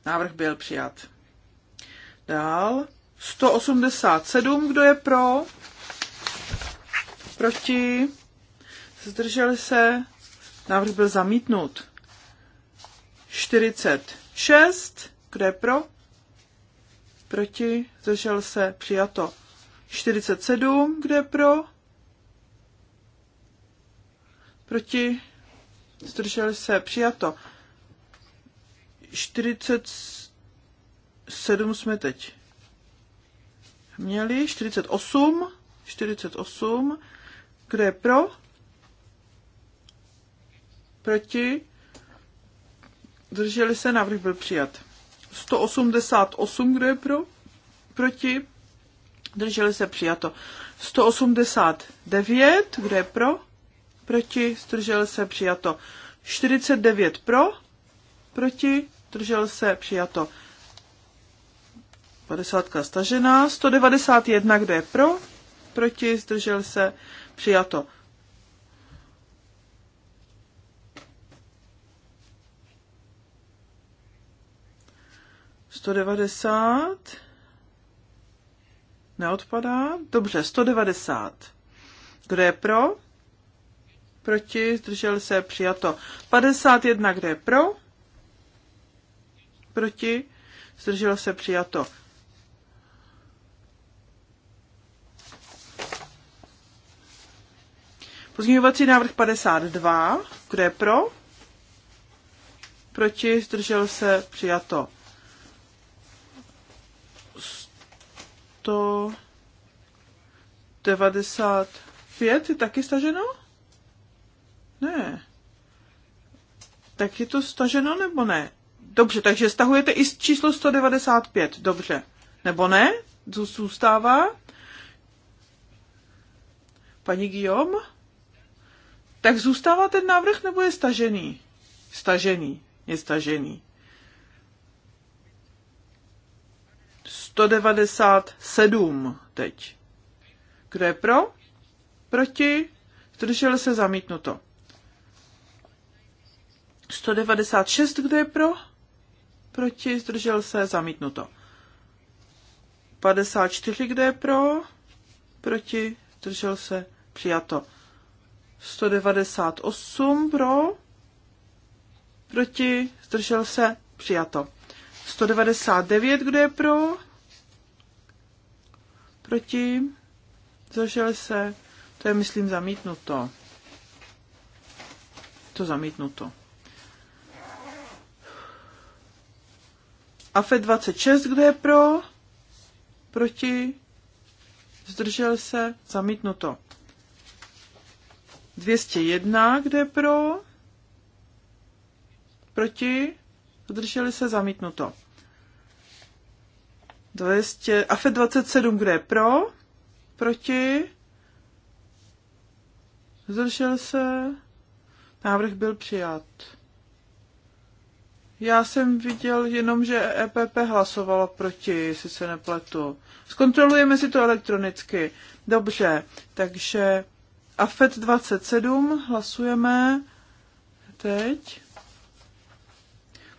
Návrh byl přijat. Dál. 187, kdo je pro? Proti? Zdrželi se? Návrh byl zamítnut. 46. Kdo je pro? Proti? Zdržel se? Přijato. 47. Kdo je pro? Proti? Zdržel se? Přijato. 47 jsme teď měli. 48. 48. Kdo je pro? Proti? Drželi se, návrh byl přijat. 188, kdo je pro? Proti? Drželi se, přijato. 189, kdo je pro? Proti? drželi se, přijato. 49 pro? Proti? drželi se, přijato. 50 stažená. 191, kdo je pro? Proti? Zdržel se, přijato. 190. Neodpadá. Dobře, 190. Kdo je pro? Proti, zdržel se, přijato. 51, kdo je pro? Proti, zdržel se, přijato. Pozměňovací návrh 52, kdo je pro? Proti, zdržel se, přijato. 195 je taky staženo? Ne. Tak je to staženo nebo ne? Dobře, takže stahujete i číslo 195, dobře. Nebo ne? Zůstává? Paní Guillaume? Tak zůstává ten návrh nebo je stažený? Stažený, je stažený. 197 teď. Kdo je pro? Proti? Zdržel se zamítnuto. 196, kdo je pro? Proti? Zdržel se zamítnuto. 54, kdo je pro? Proti? Zdržel se přijato. 198 pro? Proti? Zdržel se přijato. 199, kdo je pro? proti, Zdržel se, to je, myslím, zamítnuto. To zamítnuto. AFE 26, kde je pro, proti, zdržel se, zamítnuto. 201, kde je pro, proti, zdrželi se, zamítnuto. 200, AFE 27, kde je pro, proti, zdržel se, návrh byl přijat. Já jsem viděl jenom, že EPP hlasovala proti, jestli se nepletu. Zkontrolujeme si to elektronicky. Dobře, takže AFET 27 hlasujeme teď.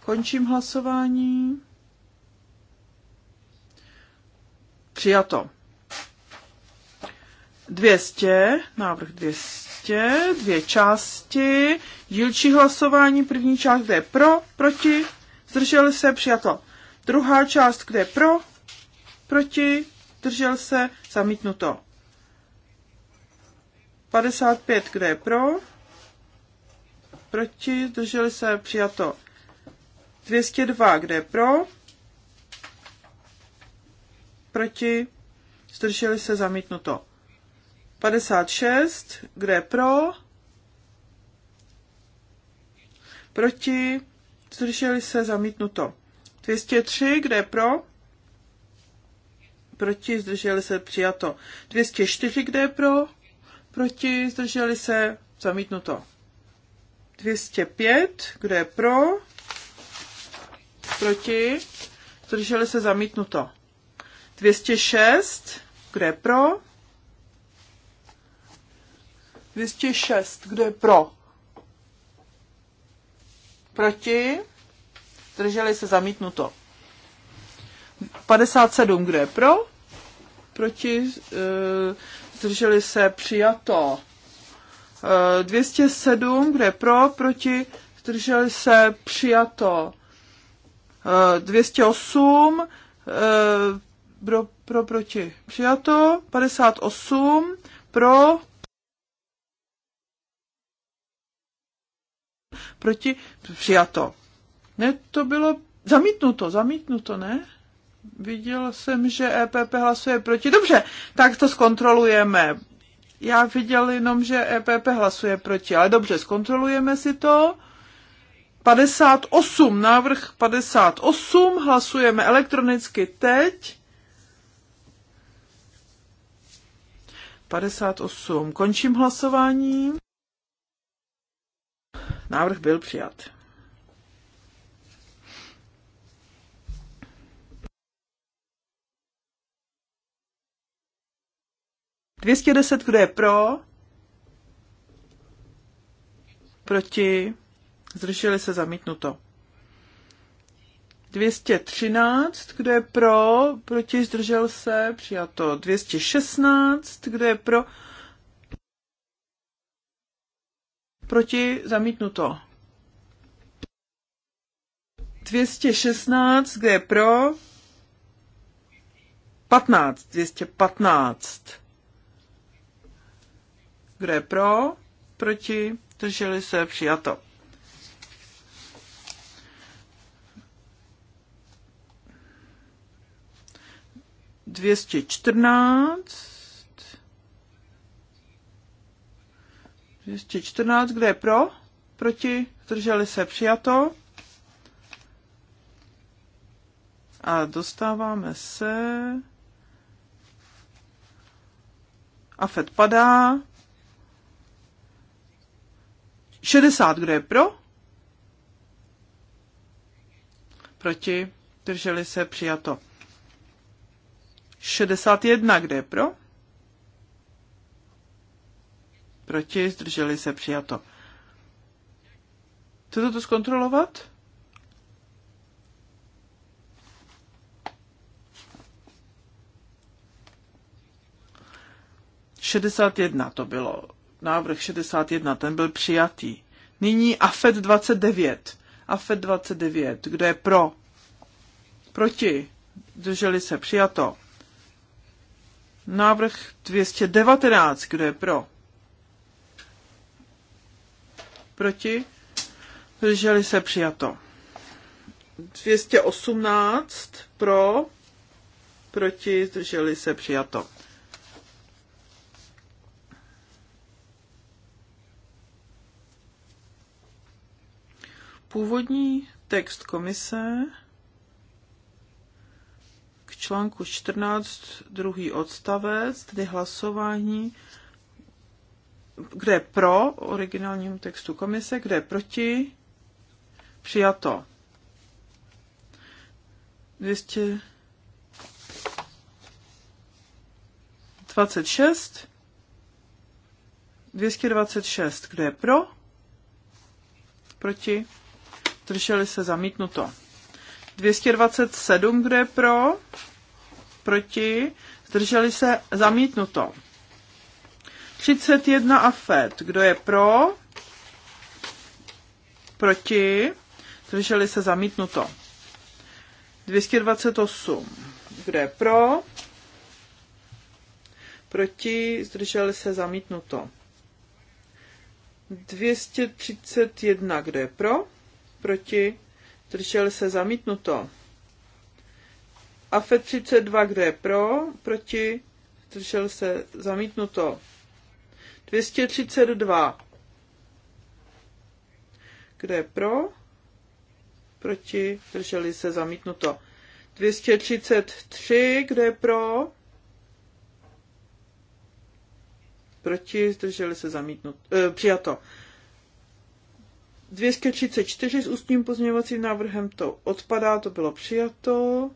Končím hlasování. přijato. 200, návrh 200, dvě části, dílčí hlasování, první část, kde je pro, proti, zdržel se, přijato. Druhá část, kde je pro, proti, zdržel se, zamítnuto. 55, kde je pro, proti, zdrželi se, přijato. 202, kde je pro, proti, zdrželi se zamítnuto. 56, kdo je pro, proti, zdrželi se zamítnuto. 203, kde je pro, proti, zdrželi se přijato. 204, kde je pro, proti, zdrželi se zamítnuto. 205, kdo je pro, proti, zdrželi se zamítnuto. 206, kdo je pro? 206, kdo je pro? Proti? Drželi se zamítnuto. 57, eh, eh, kdo je pro? Proti? Zdrželi se přijato. 207, kdo je pro? Proti? Zdrželi se přijato. 208, pro, pro proti přijato, 58 pro proti přijato. Ne, to bylo zamítnuto, zamítnuto, ne? Viděl jsem, že EPP hlasuje proti. Dobře, tak to zkontrolujeme. Já viděl jenom, že EPP hlasuje proti, ale dobře, zkontrolujeme si to. 58, návrh 58, hlasujeme elektronicky teď. 58. Končím hlasování. Návrh byl přijat. Dvěstě deset, kdo je pro? Proti? Zdrželi se zamítnuto. 213, kdo je pro, proti zdržel se, přijato 216, kdo je pro, proti zamítnuto. 216, kde je pro? 15, 215. Kdo je pro? Proti? Drželi se, přijato. 214. 214, kde je pro? Proti? Zdrželi se přijato. A dostáváme se. A FED padá. 60, kde je pro? Proti? Drželi se přijato. 61, kde je pro? Proti, zdrželi se, přijato. Chcete to zkontrolovat? Šedesát jedna to bylo. Návrh 61, ten byl přijatý. Nyní AFED 29. AFED 29, kdo je pro? Proti? Drželi se, přijato. Návrh 219, kdo je pro? Proti? Zdrželi se přijato. 218 pro, proti, zdrželi se přijato. Původní text komise článku 14, druhý odstavec, tedy hlasování, kde je pro originálním textu komise, kde je proti, přijato. 226, 226, kde je pro, proti, drželi se zamítnuto. 227, kde je pro, proti, zdrželi se, zamítnuto. 31 afet, e kdo je pro, proti, zdrželi se, zamítnuto. 228, kdo je pro, proti, zdrželi se, zamítnuto. 231, kdo je pro, proti, zdrželi se, zamítnuto. AFE 32, kdo je pro, proti, zdržel se, zamítnuto. 232, kdo je pro, proti, zdrželi se, zamítnuto. 233, kdo je pro, proti, zdrželi se, zamítnuto, eh, přijato. 234 s ústním pozměňovacím návrhem to odpadá, to bylo přijato.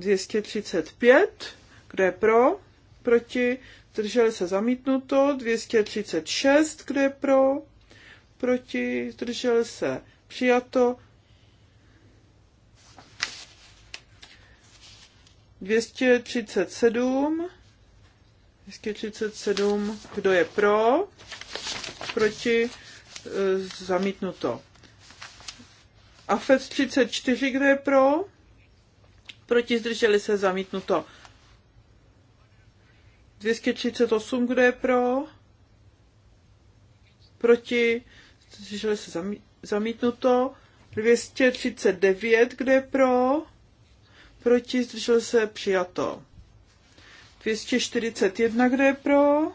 235, kdo je pro, proti, zdrželi se zamítnuto, 236, kdo je pro, proti, zdrželi se přijato, 237, 237, kdo je pro, proti, e, zamítnuto. Afet 34, kdo je pro, proti zdrželi se zamítnuto. 238, kdo je pro, proti zdrželi se zamítnuto. 239, kdo je pro, proti zdrželi se přijato. 241, kdo je pro,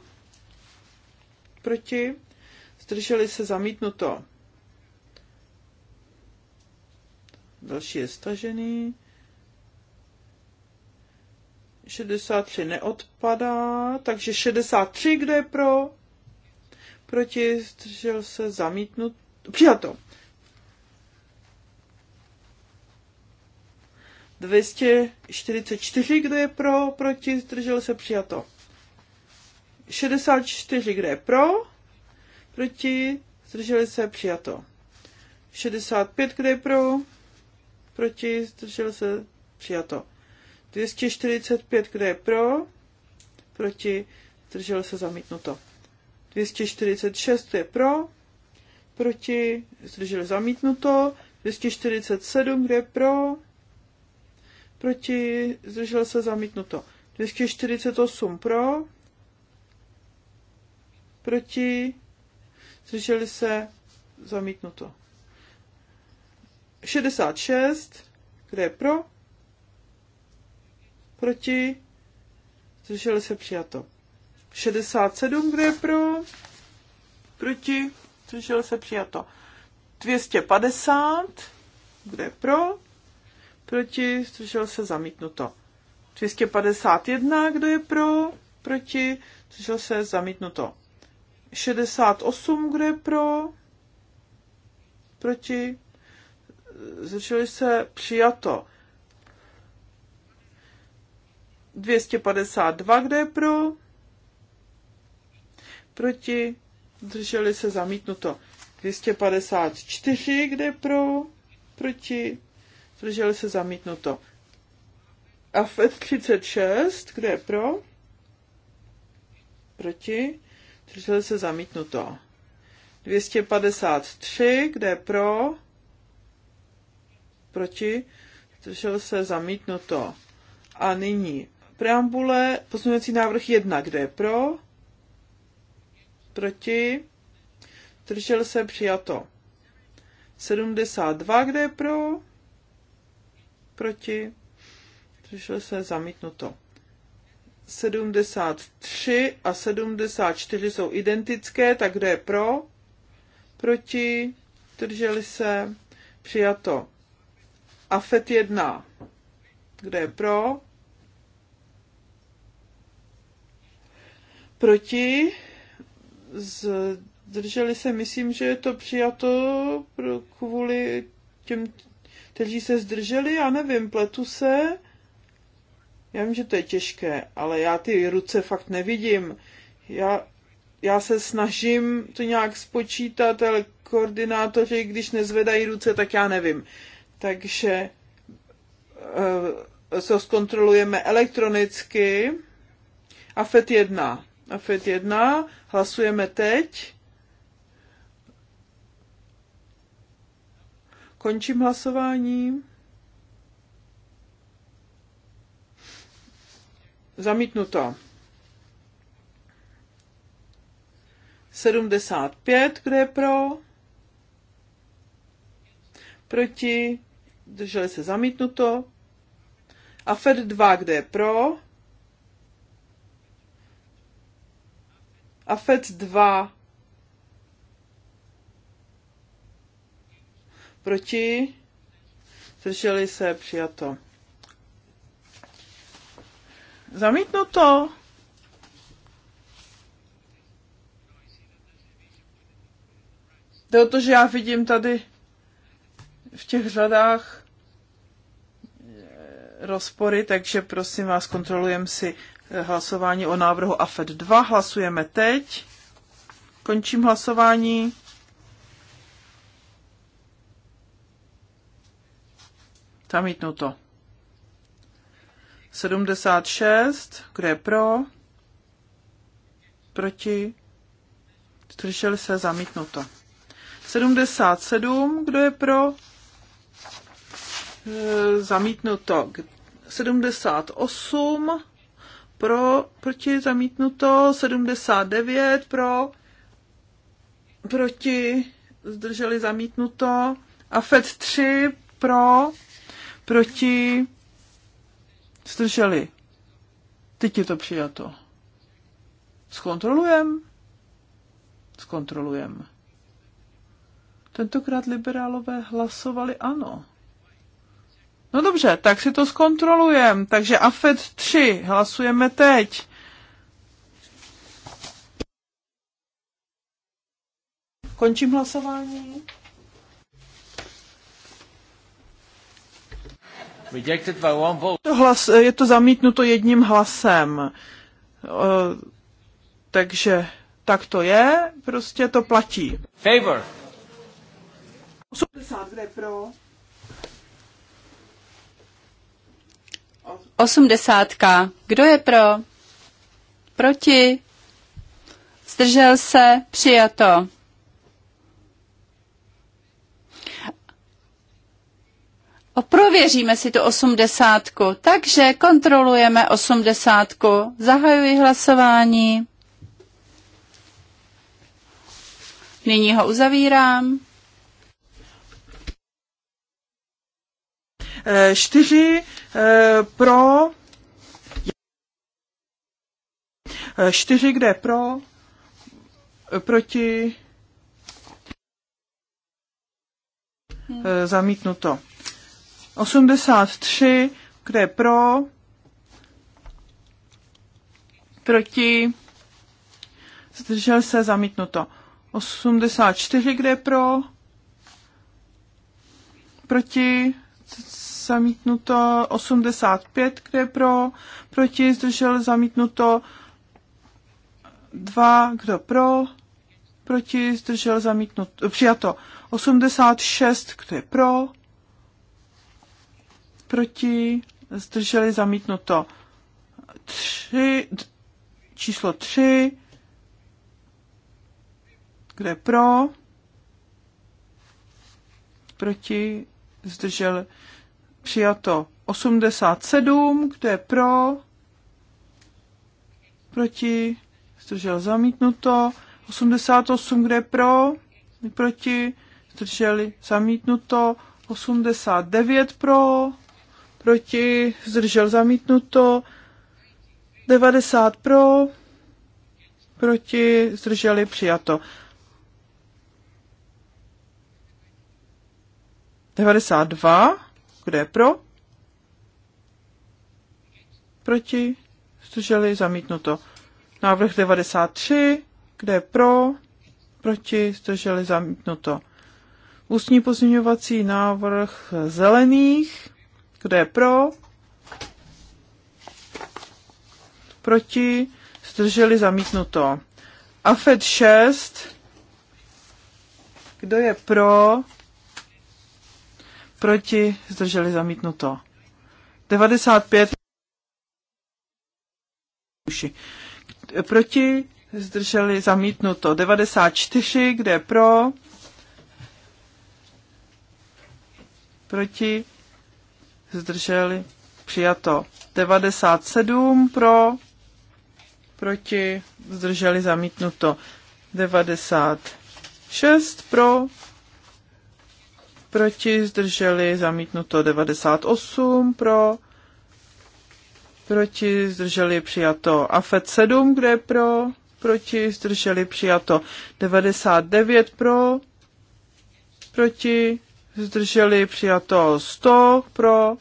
proti, zdrželi se zamítnuto. Další je stažený. 63 neodpadá, takže 63, kdo je pro? Proti, zdržel se, zamítnut. Přijato. 244, kdo je pro, proti, zdržel se, přijato. 64, kdo je pro, proti, zdržel se, přijato. 65, kdo je pro, proti, zdržel se, přijato. 245, kde je pro, proti, zdržel se zamítnuto. 246, kde je pro, proti, zdržel zamítnuto. 247, kde je pro, proti, zdržel se zamítnuto. 248 pro, proti, zdrželi se zamítnuto. 66, kde je pro, proti, zdrželi se přijato. 67, kdo je pro, proti, zdrželi se přijato. 250, kdo je pro, proti, Zdrželi se zamítnuto. 251, kdo je pro, proti, Zdrželi se zamítnuto. 68, kdo je pro, proti, zdrželi se přijato. 252, kde je pro? Proti? Drželi se zamítnuto. 254, kde je pro? Proti? Drželi se zamítnuto. A f 36, kde je pro? Proti? Drželi se zamítnuto. 253, kde je pro? Proti? Drželi se zamítnuto. A nyní Preambule, pozměňovací návrh 1, kde je pro, proti, držel se přijato. 72, kde je pro, proti, držel se zamítnuto. 73 a 74 jsou identické, tak kde je pro, proti, drželi se, přijato. AFET 1, kde je pro, proti, zdrželi se, myslím, že je to přijato pro, kvůli těm, kteří se zdrželi, já nevím, pletu se. Já vím, že to je těžké, ale já ty ruce fakt nevidím. Já, já se snažím to nějak spočítat, ale koordinátoři, když nezvedají ruce, tak já nevím. Takže eh, to zkontrolujeme elektronicky. A FET 1 a FED 1. Hlasujeme teď. Končím hlasování. Zamítnuto. 75, kdo je pro? Proti? Drželi se zamítnuto. A FED 2, kde je pro? AFET 2 proti, zdrželi se, přijato. Zamítnuto. Jde o to, že já vidím tady v těch řadách eh, rozpory, takže prosím vás, kontrolujeme si hlasování o návrhu AFED 2. Hlasujeme teď. Končím hlasování. Zamítnuto. 76. Kdo je pro? Proti? Zdrželi se zamítnuto. 77. Kdo je pro? E, zamítnuto. 78 pro, proti zamítnuto, 79 pro, proti, zdrželi zamítnuto, a FED 3 pro, proti, zdrželi. Teď je to přijato. Zkontrolujem? Zkontrolujem. Tentokrát liberálové hlasovali ano. No dobře, tak si to zkontrolujeme. Takže AFED 3 hlasujeme teď. Končím hlasování. Rejected by one vote. Hlas, je to zamítnuto jedním hlasem. Eh, takže tak to je, prostě to platí. Favor. 80, kde pro? Osmdesátka. Kdo je pro? Proti? Zdržel se? Přijato. Oprověříme si tu osmdesátku. Takže kontrolujeme osmdesátku. Zahajuji hlasování. Nyní ho uzavírám. čtyři eh, pro, čtyři kde pro, eh, proti, eh, zamítnuto. 83 kde pro, proti, zdržel se, zamítnuto. 84, kde je pro, proti, zamítnuto 85, kde je pro, proti, zdržel zamítnuto 2, kdo pro, proti, zdržel zamítnuto, přijato 86, kdo je pro, proti, zdrželi zamítnuto 3, číslo 3, kde pro, proti, zdržel Přijato 87, kdo je pro? Proti? Zdržel zamítnuto. 88, kdo je pro? Proti? Zdrželi zamítnuto. 89 pro? Proti? Zdržel zamítnuto. 90 pro? Proti? Zdrželi přijato. 92 kdo je pro? Proti? Zdrželi? Zamítnuto. Návrh 93. Kdo je pro? Proti? Zdrželi? Zamítnuto. Ústní pozměňovací návrh zelených. Kdo je pro? Proti? Zdrželi? Zamítnuto. AFED 6. Kdo je pro? proti, zdrželi zamítnuto. 95 proti, zdrželi zamítnuto. 94, kde pro, proti, zdrželi přijato. 97 pro, proti, zdrželi zamítnuto. 96 pro, proti, zdrželi, zamítnuto 98 pro, proti, zdrželi, přijato AFET 7, kde je pro, proti, zdrželi, přijato 99 pro, proti, zdrželi, přijato 100 pro,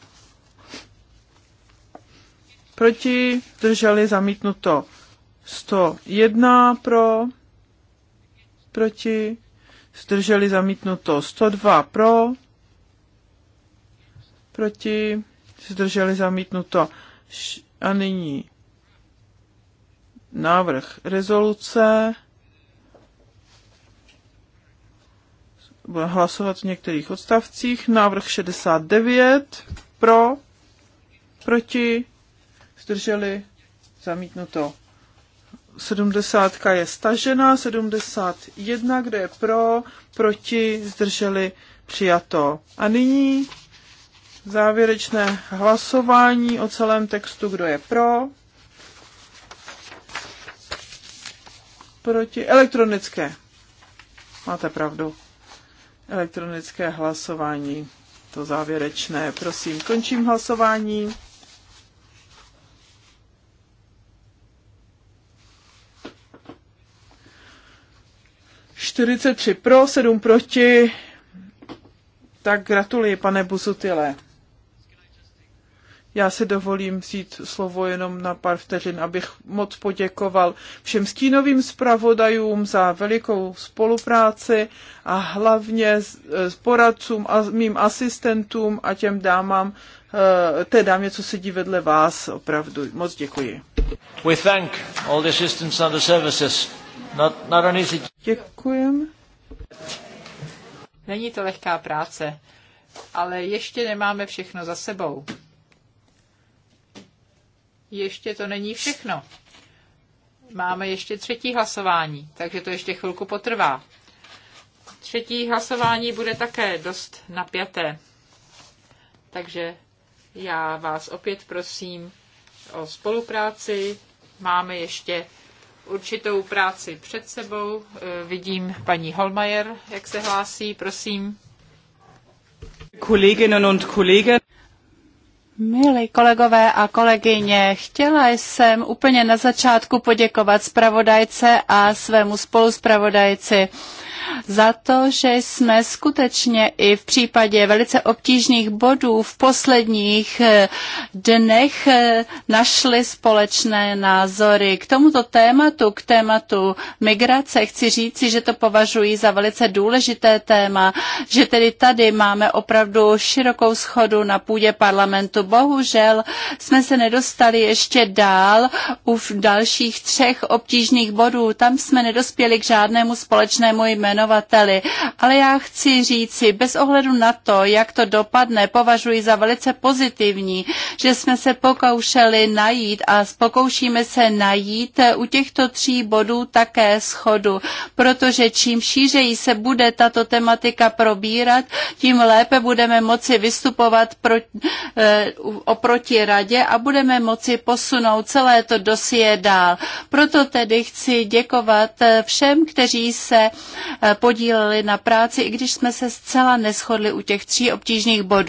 proti, zdrželi, zamítnuto 101 pro, proti, zdrželi zamítnuto 102 pro, proti, zdrželi zamítnuto. A nyní návrh rezoluce. Budeme hlasovat v některých odstavcích. Návrh 69 pro, proti, zdrželi zamítnuto. 70 je stažena, 71, kde je pro, proti, zdrželi, přijato. A nyní závěrečné hlasování o celém textu, kdo je pro, proti, elektronické. Máte pravdu. Elektronické hlasování, to závěrečné. Prosím, končím hlasování. 43 pro, 7 proti. Tak gratuluji, pane Buzutile. Já si dovolím vzít slovo jenom na pár vteřin, abych moc poděkoval všem stínovým zpravodajům za velikou spolupráci a hlavně s poradcům a mým asistentům a těm dámám, eh, té dámě, co sedí vedle vás, opravdu moc děkuji. We thank all the assistants and the services. Not, not Děkujem. Není to lehká práce, ale ještě nemáme všechno za sebou. Ještě to není všechno. Máme ještě třetí hlasování, takže to ještě chvilku potrvá. Třetí hlasování bude také dost napjaté. Takže já vás opět prosím o spolupráci. Máme ještě určitou práci před sebou. Eh, vidím paní Holmajer, jak se hlásí, prosím. Kolleginnen und Kollegen. Milí kolegové a kolegyně, chtěla jsem úplně na začátku poděkovat zpravodajce a svému spoluzpravodajci za to, že jsme skutečně i v případě velice obtížných bodů v posledních eh, dnech eh, našli společné názory. K tomuto tématu, k tématu migrace, chci říci, že to považuji za velice důležité téma, že tedy tady máme opravdu širokou schodu na půdě parlamentu. Bohužel jsme se nedostali ještě dál u dalších třech obtížných bodů. Tam jsme nedospěli k žádnému společnému jménu jmenovateli. Ale já chci říci, bez ohledu na to, jak to dopadne, považuji za velice pozitivní, že jsme se pokoušeli najít a pokoušíme se najít u těchto tří bodů také schodu, protože čím šířejí se bude tato tematika probírat, tím lépe budeme moci vystupovat pro, e, oproti radě a budeme moci posunout celé to dosie dál. Proto tedy chci děkovat eh, všem, kteří se eh, Eh, podíleli na práci, i když jsme se zcela neschodli u těch tří obtížných bodů.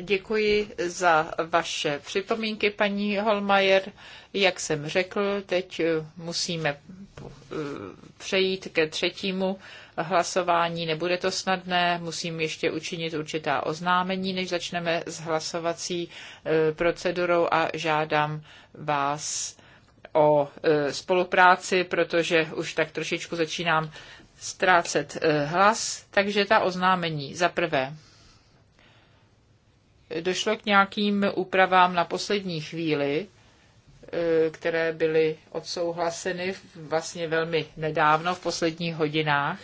Děkuji za vaše připomínky, paní Holmajer. Jak jsem řekl, teď eh, musíme eh, přejít ke třetímu hlasování. Nebude to snadné, musím ještě učinit určitá oznámení, než začneme s hlasovací procedurou a žádám vás o e, spolupráci, protože už tak trošičku začínám ztrácet e, hlas. Takže ta oznámení za prvé. Došlo k nějakým úpravám na poslední chvíli, e, které byly odsouhlaseny vlastně velmi nedávno, v posledních hodinách.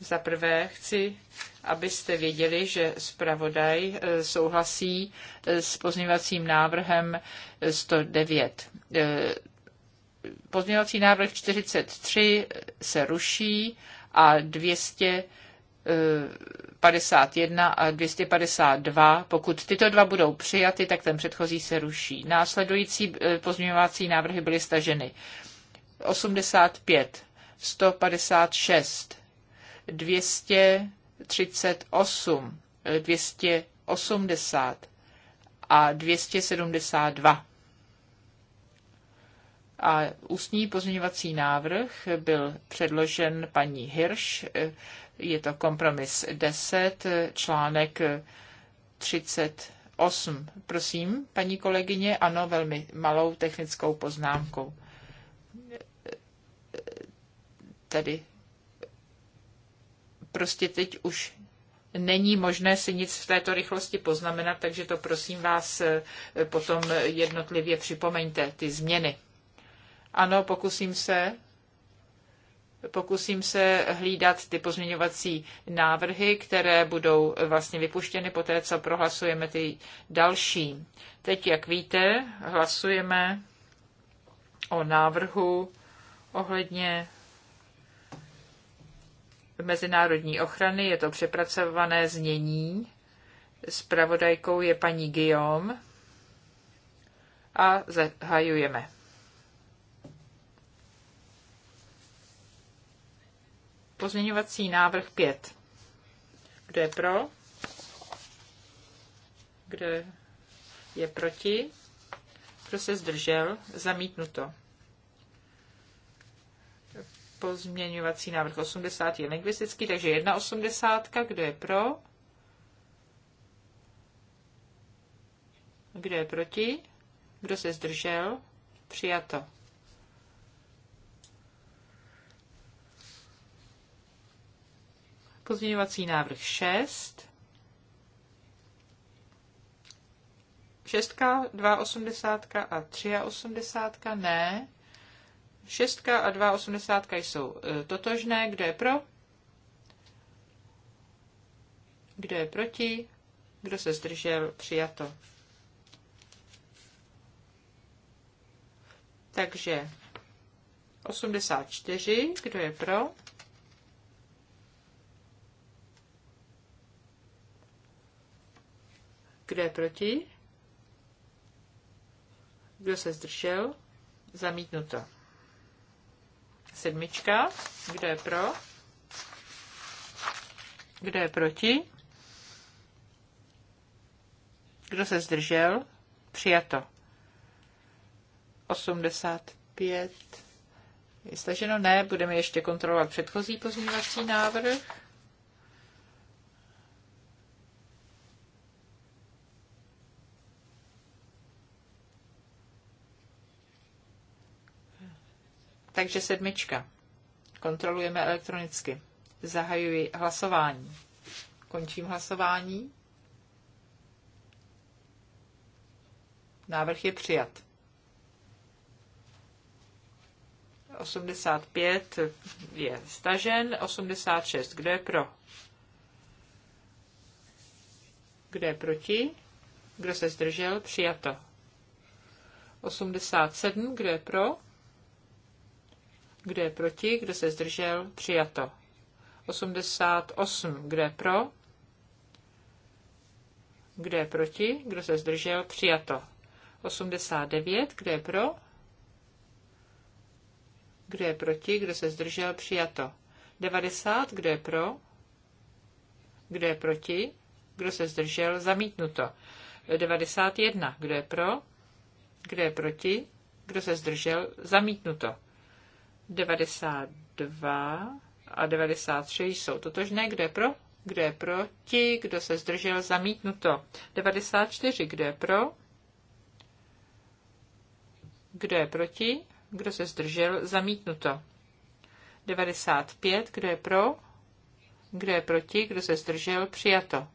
Za prvé chci, abyste věděli, že zpravodaj souhlasí s pozměňovacím návrhem 109 pozměňovací návrh 43 se ruší a 200 51 eh, a 252. Pokud tyto dva budou přijaty, tak ten předchozí se ruší. Následující eh, pozměňovací návrhy byly staženy. 85, 156, 238, 280 a 272. A ústní pozměňovací návrh byl předložen paní Hirsch. Je to kompromis 10, článek 38. Prosím, paní kolegyně, ano, velmi malou technickou poznámkou. Tady prostě teď už není možné si nic v této rychlosti poznamenat, takže to prosím vás potom jednotlivě připomeňte, ty změny. Ano, pokusím se. Pokusím se hlídat ty pozměňovací návrhy, které budou vlastně vypuštěny po té, co prohlasujeme ty další. Teď, jak víte, hlasujeme o návrhu ohledně mezinárodní ochrany. Je to přepracované znění. Spravodajkou je paní Guillaume a zahajujeme. Pozměňovací návrh 5. Kdo je pro? Kdo je proti? Kdo se zdržel? Zamítnuto. Pozměňovací návrh 80 je lingvistický, takže 1,80. Kdo je pro? Kdo je proti? Kdo se zdržel? Přijato. Pozměňovací návrh 6. Šestka, 2,80 a 3,80 ne. Šestka a 2,80 jsou e, totožné. Kdo je pro? Kdo je proti? Kdo se zdržel? Přijato. Takže 84, kdo je pro? Kdo je proti? Kdo se zdržel? Zamítnuto. Sedmička. Kdo je pro? Kdo je proti? Kdo se zdržel? Přijato. 85. Je staženo? Ne, budeme ještě kontrolovat předchozí pozměňovací návrh. Takže sedmička. Kontrolujeme elektronicky. Zahajuji hlasování. Končím hlasování. Návrh je přijat. 85 je stažen, 86. Kdo je pro? Kdo je proti? Kdo se zdržel? Přijato. 87. Kdo je pro? Kdo je proti? Kdo se zdržel? Přijato. 88. Kdo je pro? Kdo je proti? Kdo se zdržel? Přijato. 89. Kdo je pro? Kdo je proti? Kdo se zdržel? Přijato. 90. Kdo je pro? Kdo je proti? Kdo se zdržel? Zamítnuto. 91. Kdo je pro? Kdo je proti? Kdo se zdržel? Zamítnuto. 92 a 93 jsou totožné. Kdo je pro? Kdo je proti? Kdo se zdržel? Zamítnuto. 94. Kdo je pro? Kdo je proti? Kdo se zdržel? Zamítnuto. 95. Kdo je pro? Kdo je proti? Kdo se zdržel? Přijato.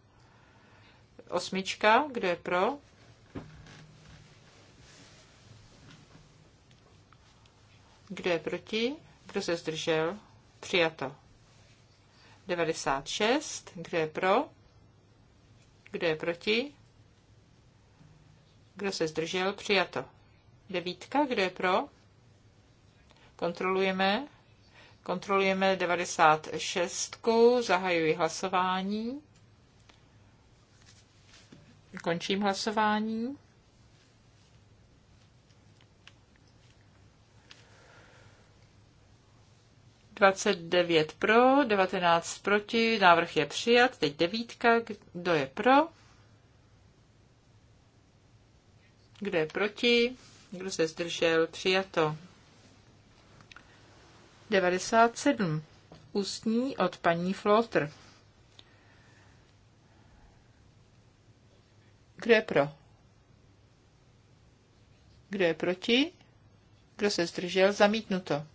Osmička. Kdo je pro? Kdo je proti? Kdo se zdržel? Přijato. 96. Kdo je pro? Kdo je proti? Kdo se zdržel? Přijato. Devítka. Kdo je pro? Kontrolujeme. Kontrolujeme 96. Zahajuji hlasování. Končím hlasování. 29 pro, 19 proti, návrh je přijat, teď devítka, kdo je pro, kdo je proti, kdo se zdržel, přijato. 97. Ústní od paní Flotr. Kdo je pro? Kdo je proti? Kdo se zdržel? Zamítnuto.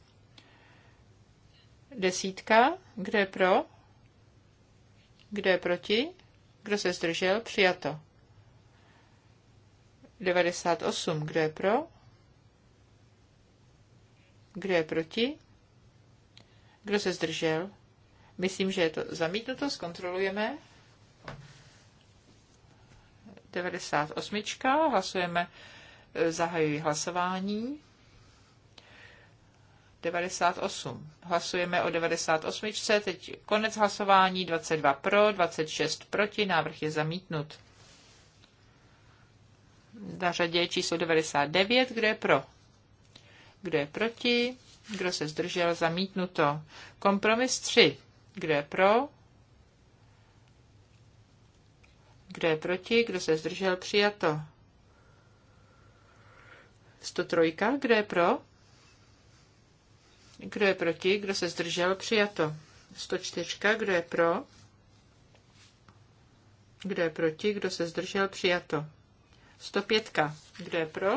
Desítka, kdo je pro? Kdo je proti? Kdo se zdržel? Přijato. 98. Kdo je pro? Kdo je proti? Kdo se zdržel? Myslím, že je to zamítnuto, zkontrolujeme. 98. Hlasujeme, e, zahajuji hlasování. 98. Hlasujeme o 98. Teď konec hlasování. 22 pro, 26 proti. Návrh je zamítnut. Na řadě je číslo 99. Kdo je pro? Kdo je proti? Kdo se zdržel? Zamítnuto. Kompromis 3. Kdo je pro? Kdo je proti? Kdo se zdržel? Přijato. 103. Kdo je pro? Kdo je proti? Kdo se zdržel? Přijato. 104. Kdo je pro? Kdo je proti? Kdo se zdržel? Přijato. 105. Kdo je pro?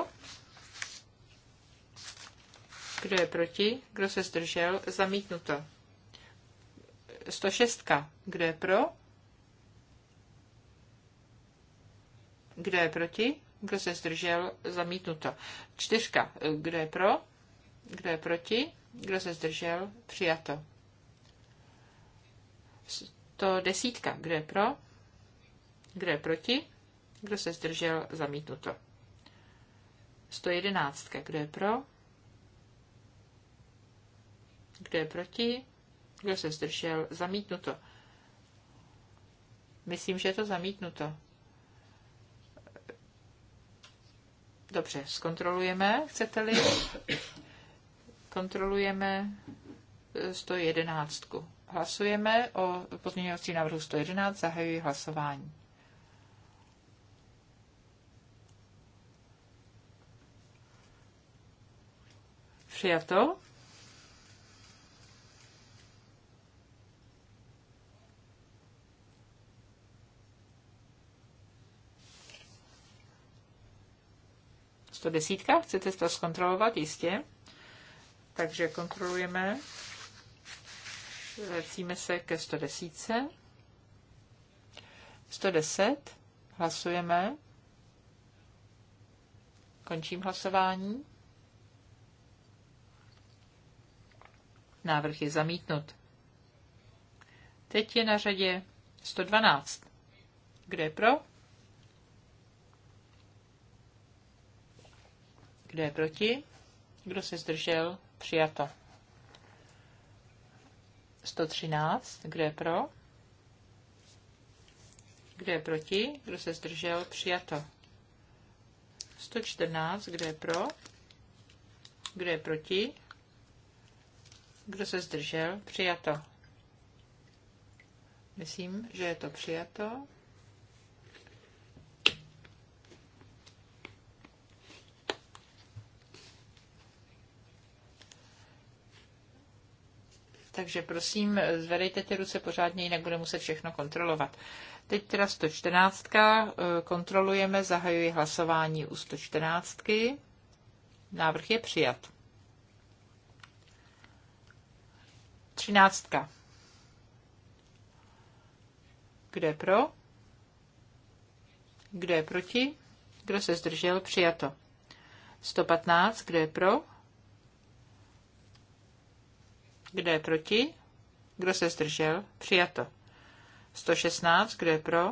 Kdo je proti? Kdo se zdržel? Zamítnuto. 106. Kdo je pro? Kdo je proti? Kdo se zdržel? Zamítnuto. 4. Kdo je pro? Kdo je proti? Kdo se zdržel? Přijato. 110. Kdo je pro? Kdo je proti? Kdo se zdržel? Zamítnuto. 111. Kdo je pro? Kdo je proti? Kdo se zdržel? Zamítnuto. Myslím, že je to zamítnuto. Dobře, zkontrolujeme, chcete-li. Kontrolujeme 111. Eh, Hlasujeme o pozměňovací návrhu 111. Zahajuji hlasování. Přijato. Sto desítka? Chcete to zkontrolovat? Jistě takže kontrolujeme. Vracíme se ke 110. 110. Hlasujeme. Končím hlasování. Návrh je zamítnut. Teď je na řadě 112. Kdo je pro? Kdo je proti? Kdo se zdržel? Přijato. 113. Kdo je pro? Kdo je proti? Kdo se zdržel? Přijato. 114. Kdo je pro? Kdo je proti? Kdo se zdržel? Přijato. Myslím, že je to přijato. takže prosím, zvedejte ty ruce pořádně, jinak bude muset všechno kontrolovat. Teď teda 114. Eh, kontrolujeme, zahajuji hlasování u 114. Návrh je přijat. 13. Kdo je pro? Kdo je proti? Kdo se zdržel? Přijato. 115. Kdo je pro? Kdo je proti? Kdo se zdržel? Přijato. 116. Kdo je pro?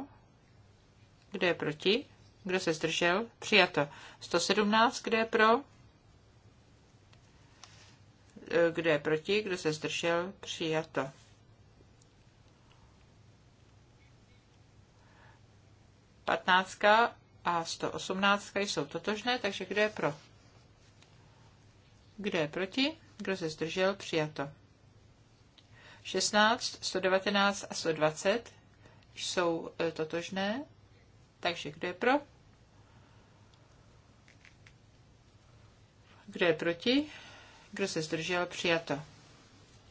Kdo je proti? Kdo se zdržel? Přijato. 117. Kdo je pro? E, kdo je proti? Kdo se zdržel? Přijato. Patnáctka a 118 jsou totožné, takže kdo je pro? Kdo je proti? Kdo se zdržel? Přijato. 16, 119 a 120 jsou e, totožné. Takže kdo je pro? Kdo je proti? Kdo se zdržel? Přijato.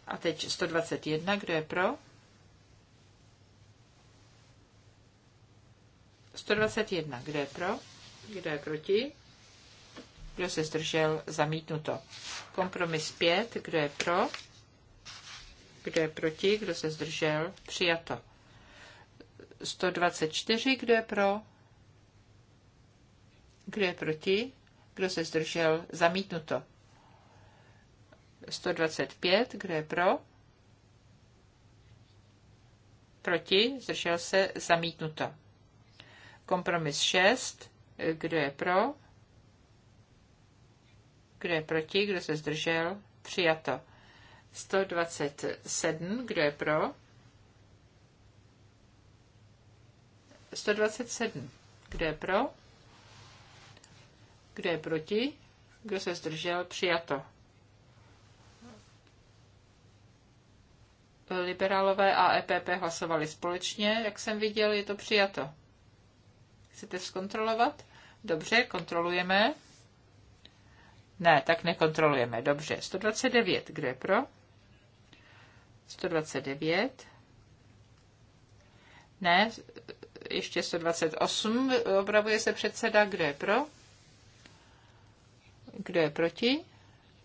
A teď 121. Kdo je pro? 121. Kdo je pro? Kdo je proti? Kdo se zdržel? Zamítnuto. Kompromis 5. Kdo je pro? Kdo je proti? Kdo se zdržel? Přijato. 124. Kdo je pro? Kdo je proti? Kdo se zdržel? Zamítnuto. 125. Kdo je pro? Proti? Zdržel se? Zamítnuto. Kompromis 6. Kdo je pro? Kdo je proti? Kdo se zdržel? Přijato. 127, kdo je pro? 127, kdo je pro? Kdo je proti? Kdo se zdržel? Přijato. Liberálové a EPP hlasovali společně, jak jsem viděl, je to přijato. Chcete zkontrolovat? Dobře, kontrolujeme. Ne, tak nekontrolujeme. Dobře, 129, kdo je pro? 129. Ne, ještě 128. Opravuje se předseda. Kdo je pro? Kdo je proti?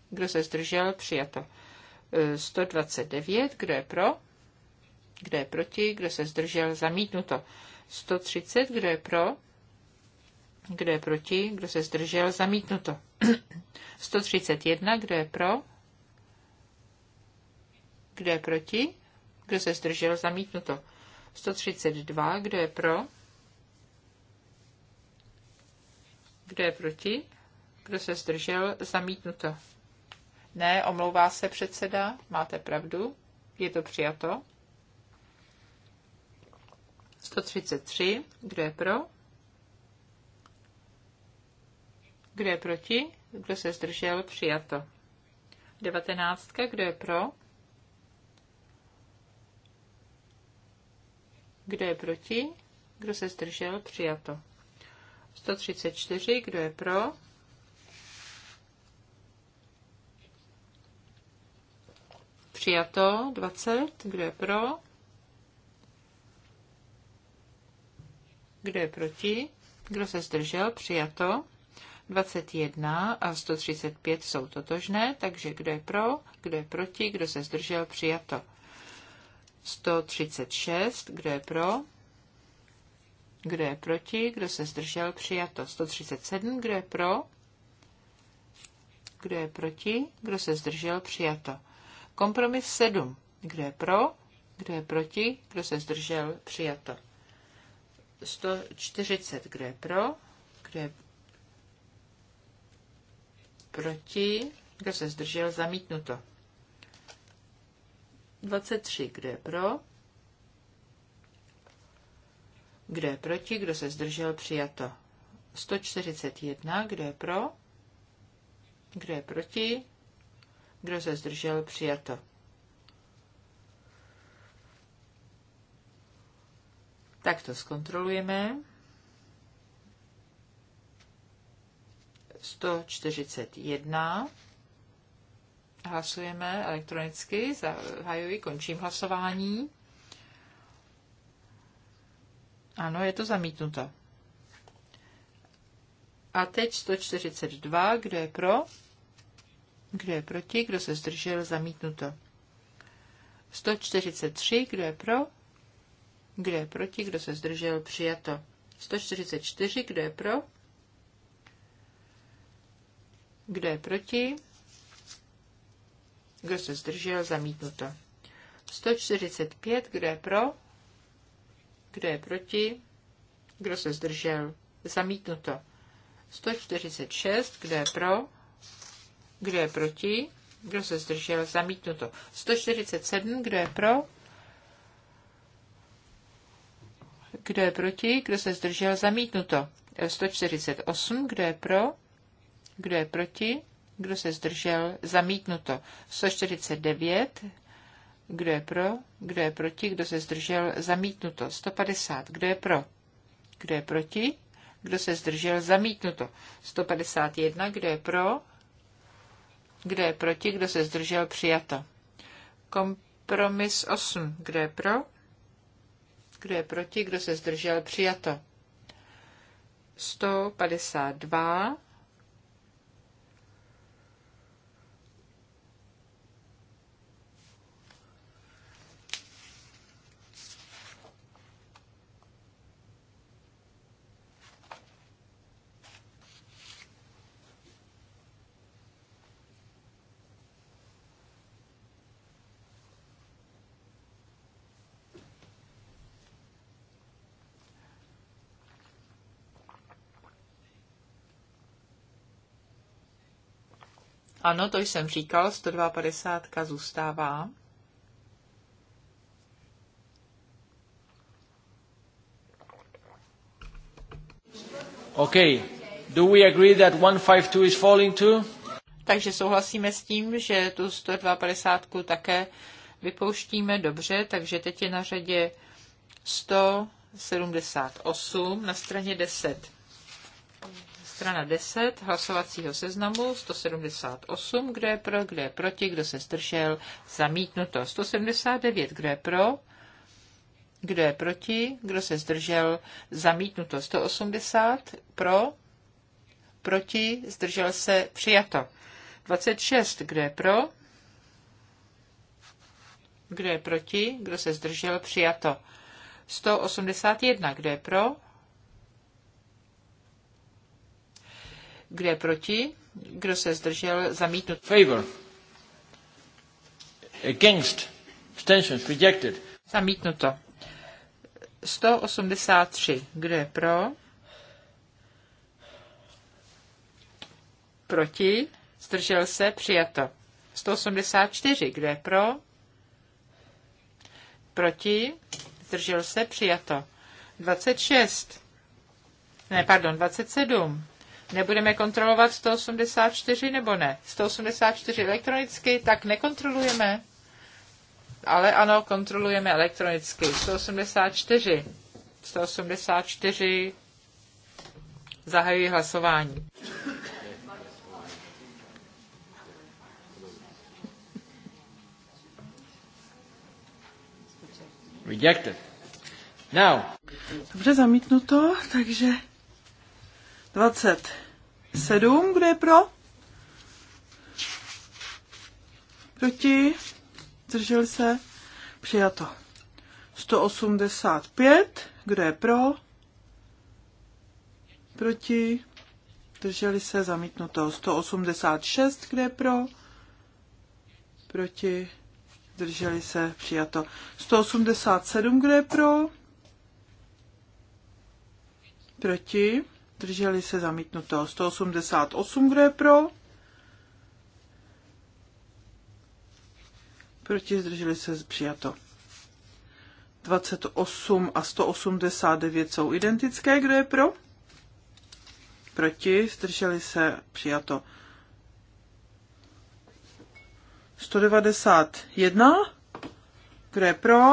Kdo se zdržel? Přijato. 129. Kdo je pro? Kdo je proti? Kdo se zdržel? Zamítnuto. 130. Kdo je pro? Kdo je proti? Kdo se zdržel? Zamítnuto. 131. Kdo je pro? Kdo je proti? Kdo se zdržel? Zamítnuto. 132. Kdo je pro? Kdo je proti? Kdo se zdržel? Zamítnuto. Ne, omlouvá se předseda. Máte pravdu. Je to přijato. 133. Kdo je pro? Kdo je proti? Kdo se zdržel? Přijato. 19. Kdo je pro? Kdo je proti? Kdo se zdržel? Přijato. 134. Kdo je pro? Přijato. 20. Kdo je pro? Kdo je proti? Kdo se zdržel? Přijato. 21 a 135 jsou totožné, takže kdo je pro, kdo je proti, kdo se zdržel, přijato. 136, kdo je pro, kdo je proti, kdo se zdržel, přijato. 137, kdo je pro, kdo je proti, kdo se zdržel, přijato. Kompromis 7, kdo je pro, kdo je proti, kdo se zdržel, přijato. 140, kdo je pro, kdo je proti, kdo se zdržel, zamítnuto. 23. Kdo je pro? Kdo je proti? Kdo se zdržel? Přijato. 141. Kdo je pro? Kdo je proti? Kdo se zdržel? Přijato. Tak to zkontrolujeme. 141. Hlasujeme elektronicky, zahajuji, končím hlasování. Ano, je to zamítnuto. A teď 142, kdo je pro, kdo je proti, kdo se zdržel, zamítnuto. 143, kdo je pro, kdo je proti, kdo se zdržel, přijato. 144, kdo je pro, kdo je proti, kdo se zdržel? Zamítnuto. 145. Kdo je pro? Kdo je proti? Kdo se zdržel? Zamítnuto. 146. Kdo je pro? Kdo je proti? Kdo se zdržel? Zamítnuto. 147. Kdo je pro? Kdo je proti? Kdo se zdržel? Zamítnuto. 148. Kdo je pro? Kdo je proti? Kdo se zdržel? Zamítnuto. 149. Kdo je pro? Kdo je proti? Kdo se zdržel? Zamítnuto. 150. Kdo je pro? Kdo je proti? Kdo se zdržel? Zamítnuto. 151. Kdo je pro? Kdo je proti? Kdo se zdržel? Přijato. Kompromis 8. Kdo je pro? Kdo je proti? Kdo se zdržel? Přijato. 152 Ano, to jsem říkal, 152 zůstává. OK. Do we agree that 152 is falling too? Takže souhlasíme s tím, že tu 152 také vypouštíme dobře, takže teď je na řadě 178 na straně 10 strana 10 hlasovacího seznamu 178, kdo je pro, kdo je proti, kdo se zdržel, zamítnuto. 179, kdo je pro, kdo je proti, kdo se zdržel, zamítnuto. 180, pro, proti, zdržel se, přijato. 26, kdo je pro, kdo je proti, kdo se zdržel, přijato. 181, kdo je pro, Kdo je proti? Kdo se zdržel? Zamítnut. Favor. Against. Abstentions. Rejected. Zamítnuto. 183. Kdo je pro? Proti? Zdržel se? Přijato. 184. Kdo je pro? Proti? Zdržel se? Přijato. 26. Ne, pardon, 27. Nebudeme kontrolovat 184 nebo ne? 184 elektronicky, tak nekontrolujeme. Ale ano, kontrolujeme elektronicky. 184. 184. Zahajuji hlasování. Rejected. Now. Dobře zamítnuto, takže 27, kdo je pro? Proti? Držel se? Přijato. 185, kdo je pro? Proti? Drželi se? Zamítnuto. 186, kdo je pro? Proti? Drželi se? Přijato. 187, kdo je pro? Proti? zdrželi se zamítnuto. 188, kdo je pro? Proti zdrželi se přijato. 28 a 189 jsou identické, kdo je pro? Proti zdrželi se přijato. 191, kdo je pro?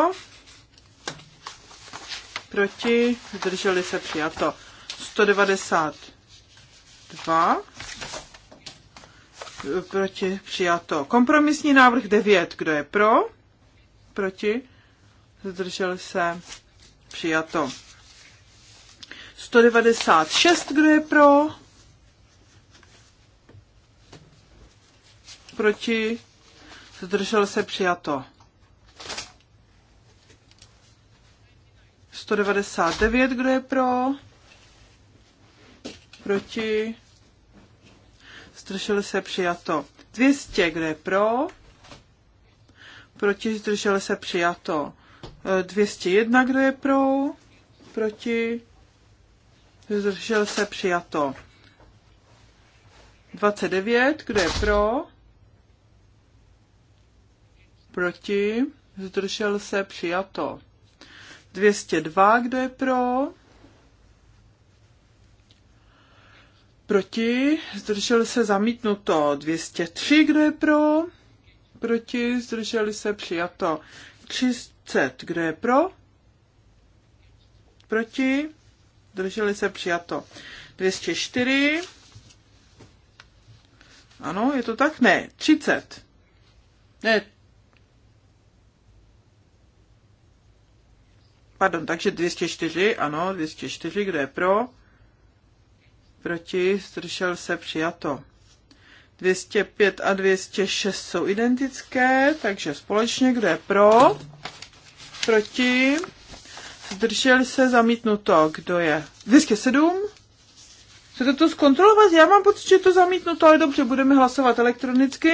Proti zdrželi se přijato. 192 proti přijato. Kompromisní návrh 9, kdo je pro? Proti? Zdržel se přijato. 196, kdo je pro? Proti? Zdržel se přijato. 199, kdo je pro? proti, zdrželi se přijato. 200, kdo je pro, proti, zdrželi se přijato. 201, kdo je pro, proti, zdrželi se přijato. 29, kdo je pro, proti, zdržel se přijato. 202, kdo je pro, Proti, zdrželi se zamítnuto 203, kdo je pro? Proti, zdrželi se přijato 30, kdo je pro? Proti, zdrželi se přijato 204. Ano, je to tak? Ne, 30. Ne, Pardon, takže 204, ano, 204, kdo je pro? proti, zdržel se přijato. 205 a 206 jsou identické, takže společně, kdo je pro, proti, Zdržel se zamítnuto, kdo je 207. Chcete to zkontrolovat? Já mám pocit, že je to zamítnuto, ale dobře, budeme hlasovat elektronicky.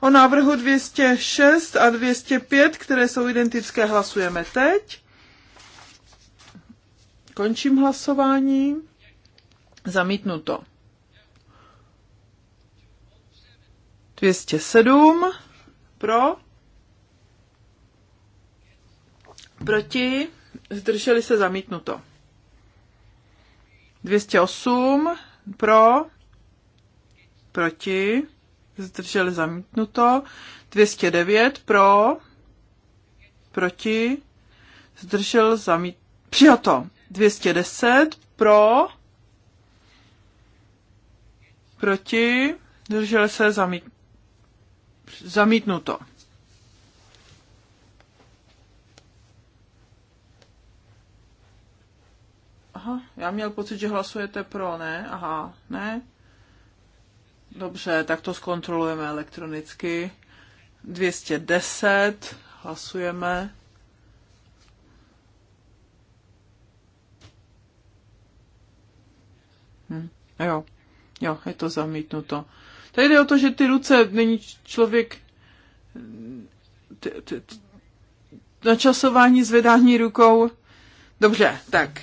O návrhu 206 a 205, které jsou identické, hlasujeme teď. Končím hlasování. Zamítnuto. 207 pro, proti, zdrželi se zamítnuto. 208 pro, proti, zdrželi zamítnuto. 209 pro, proti, zdržel zamítnuto. přijato. 210 pro, proti, zdržel se zamít, zamítnuto. Aha, já měl pocit, že hlasujete pro, ne? Aha, ne? Dobře, tak to zkontrolujeme elektronicky. 210, hlasujeme. Hm, jo. Jo, je to zamítnuto. Tady jde o to, že ty ruce není člověk na časování načasování zvedání rukou. Dobře, tak.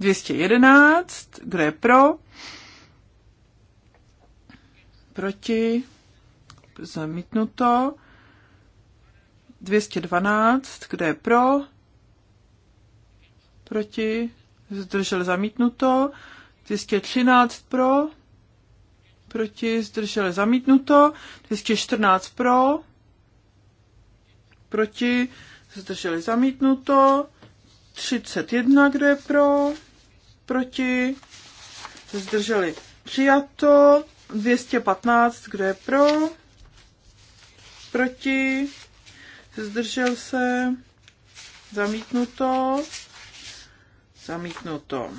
211, kde je pro? Proti? Zamítnuto. 212, kde je pro? Proti? Zdržel zamítnuto. 213 pro, proti, zdrželi zamítnuto, 214 pro, proti, zdrželi zamítnuto, 31, kdo je pro, proti, zdrželi přijato, 215, kdo je pro, proti, zdržel se, zamítnuto, zamítnuto.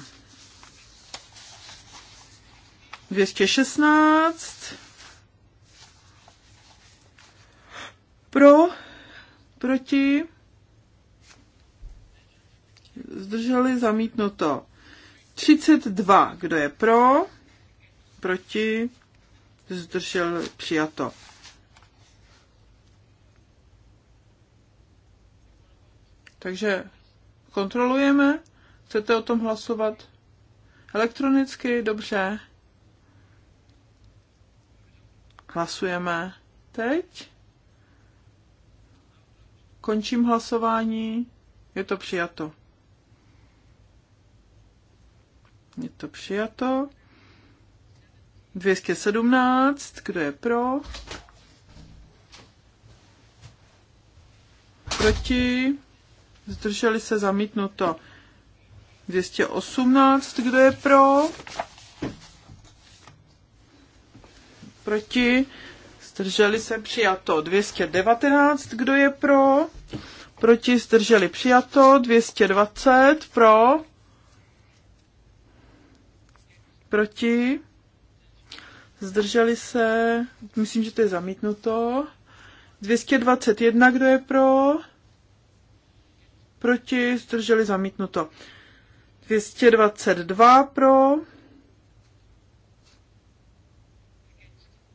216. Pro, proti, zdrželi zamítnuto. 32, kdo je pro, proti, zdržel přijato. Takže kontrolujeme. Chcete o tom hlasovat? Elektronicky, dobře. Hlasujeme teď. Končím hlasování. Je to přijato. Je to přijato. 217, kdo je pro? Proti? Zdrželi se zamítnuto. 218, kdo je pro? proti, zdrželi se přijato 219, kdo je pro, proti, zdrželi přijato 220, pro, proti, zdrželi se, myslím, že to je zamítnuto, 221, kdo je pro, proti, zdrželi zamítnuto. 222 pro,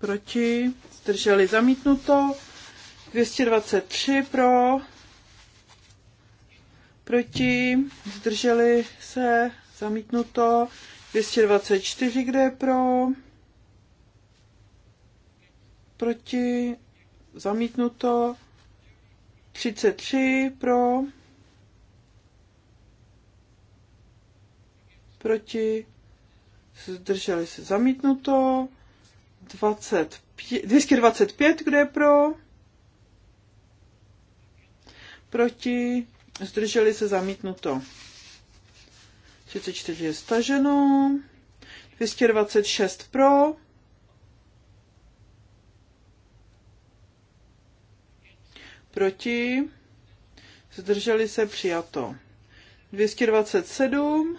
proti, zdrželi zamítnuto, 223 pro, proti, zdrželi se, zamítnuto, 224, kde je pro, proti, zamítnuto, 33 pro, proti, zdrželi se, zamítnuto, 225, kdo je pro? Proti? Zdrželi se zamítnuto. 34 je staženo. 226 pro. Proti? Zdrželi se přijato. 227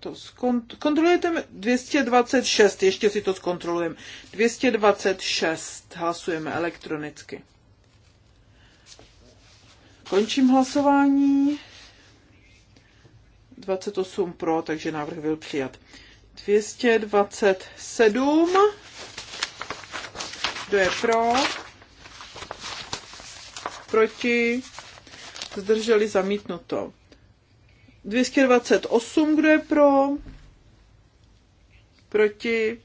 to zkont- kontrolujete 226, ještě si to zkontrolujeme. 226 hlasujeme elektronicky. Končím hlasování. 28 pro, takže návrh byl přijat. 227. Kdo je pro? Proti? Zdrželi zamítnuto. 228, kdo je pro? Proti?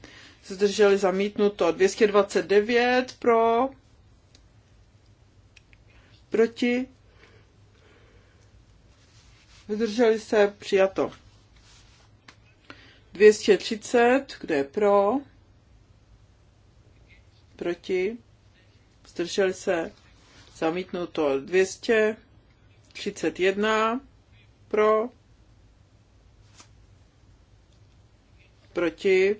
Zdrželi zamítnuto. 229 pro? Proti? Zdrželi se přijato. 230, kdo je pro? Proti? Zdrželi se zamítnuto. 231 pro, proti,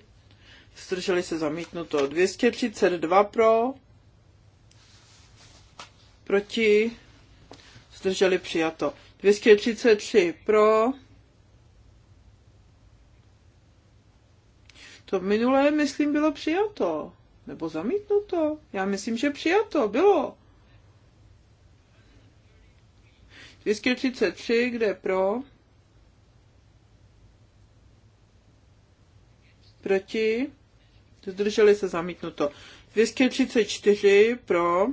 zdrželi se zamítnuto. 232 pro, proti, zdrželi přijato. 233 pro, to minulé, myslím, bylo přijato. Nebo zamítnuto. Já myslím, že přijato. Bylo. 233, kde je pro? Proti? Zdrželi se zamítnuto. 234 pro?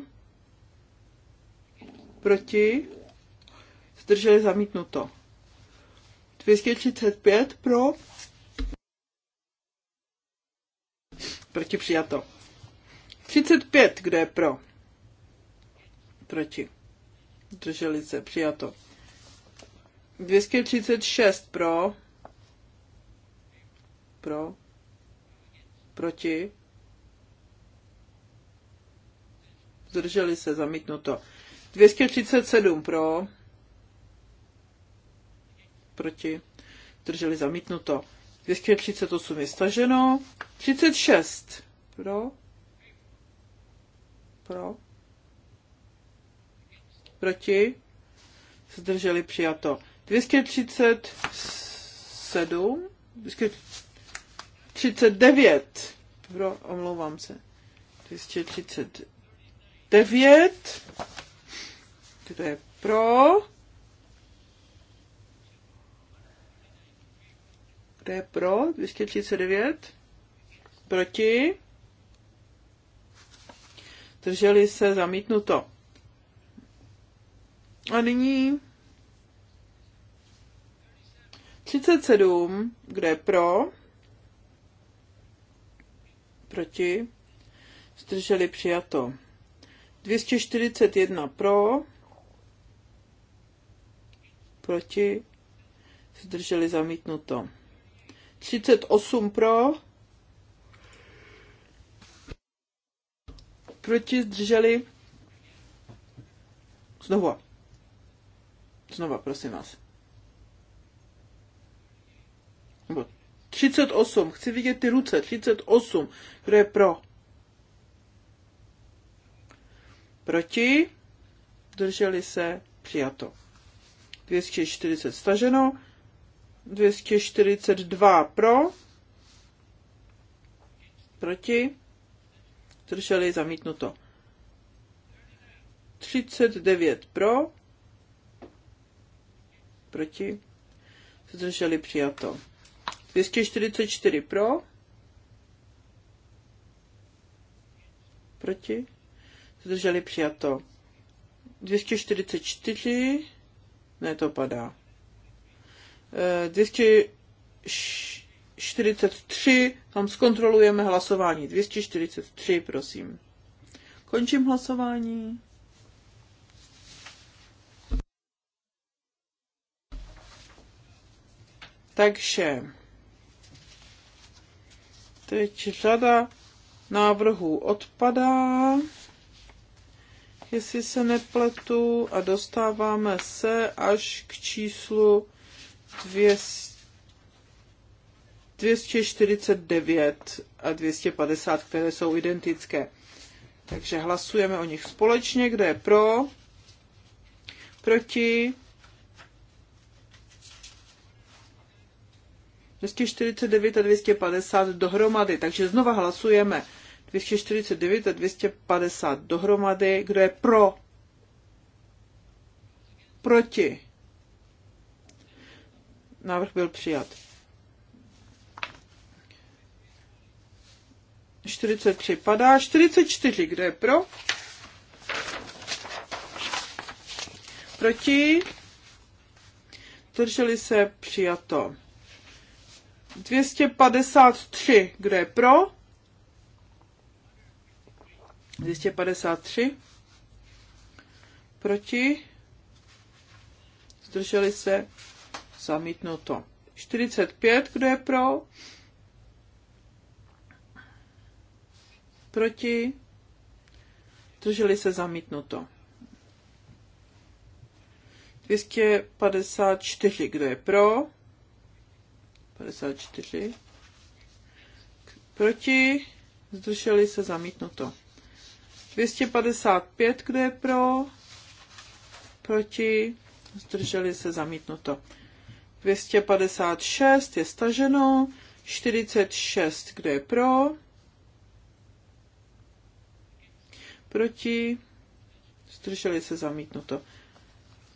Proti? Zdrželi zamítnuto. 235 pro? Proti přijato. 35, kde je pro? Proti. Drželi se. Přijato. 236 pro. Pro. Proti. Zdrželi se. Zamítnuto. 237 pro. Proti. Drželi zamítnuto. 238 je staženo. 36 pro. Pro proti, zdrželi přijato. 237, 239, pro, omlouvám se, 239, kdo je pro, kdo je pro, 239, proti, drželi se zamítnuto. A nyní 37, kde je pro, proti, zdrželi přijato. 241 pro, proti, zdrželi zamítnuto. 38 pro, proti, zdrželi, znovu Znova, prosím vás. Nebo 38, chci vidět ty ruce, 38, kdo je pro. Proti, drželi se, přijato. 240 staženo, 242 pro, proti, drželi zamítnuto. 39 pro, proti, zdrželi přijato. 244 pro, proti, zdrželi přijato. 244, ne, to padá. 243, eh, tam zkontrolujeme hlasování. 243, prosím. Končím hlasování. Takže teď řada návrhů odpadá, jestli se nepletu, a dostáváme se až k číslu 200, 249 a 250, které jsou identické. Takže hlasujeme o nich společně, kde je pro, proti, 249 a 250 dohromady. Takže znova hlasujeme. 249 a 250 dohromady. Kdo je pro? Proti? Návrh byl přijat. 43 padá. 44, kdo je pro? Proti? Drželi se přijato. 253, kdo je pro? 253. Proti? Zdrželi se? Zamítnuto. 45, kdo je pro? Proti? Zdrželi se? Zamítnuto. 254, kdo je pro? 54. Proti? Zdrželi se zamítnuto. 255, kdo je pro? Proti? Zdrželi se zamítnuto. 256 je staženo. 46, kdo je pro? Proti? Zdrželi se zamítnuto.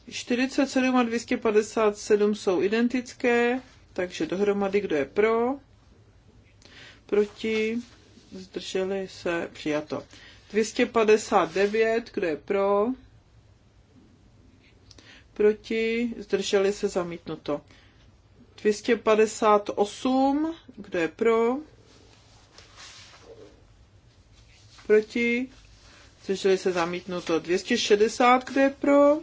47 a 257 jsou identické. Takže dohromady, kdo je pro, proti, zdrželi se, přijato. 259, kdo je pro, proti, zdrželi se, zamítnuto. 258, kdo je pro, proti, zdrželi se, zamítnuto. 260, kdo je pro,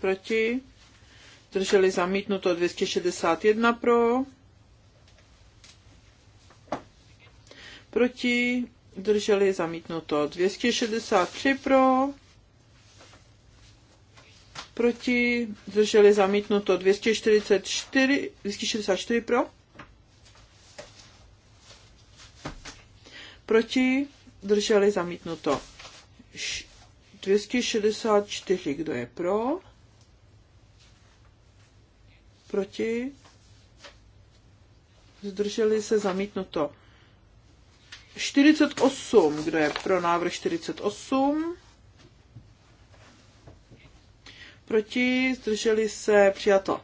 proti, zdrželi zamítnuto 261 pro, proti, zdrželi zamítnuto 263 pro, proti, zdrželi zamítnuto 244, 264 pro, proti, drželi zamítnuto 264, kdo je pro, proti, zdrželi se zamítnuto. 48, kdo je pro návrh 48, proti, zdrželi se přijato.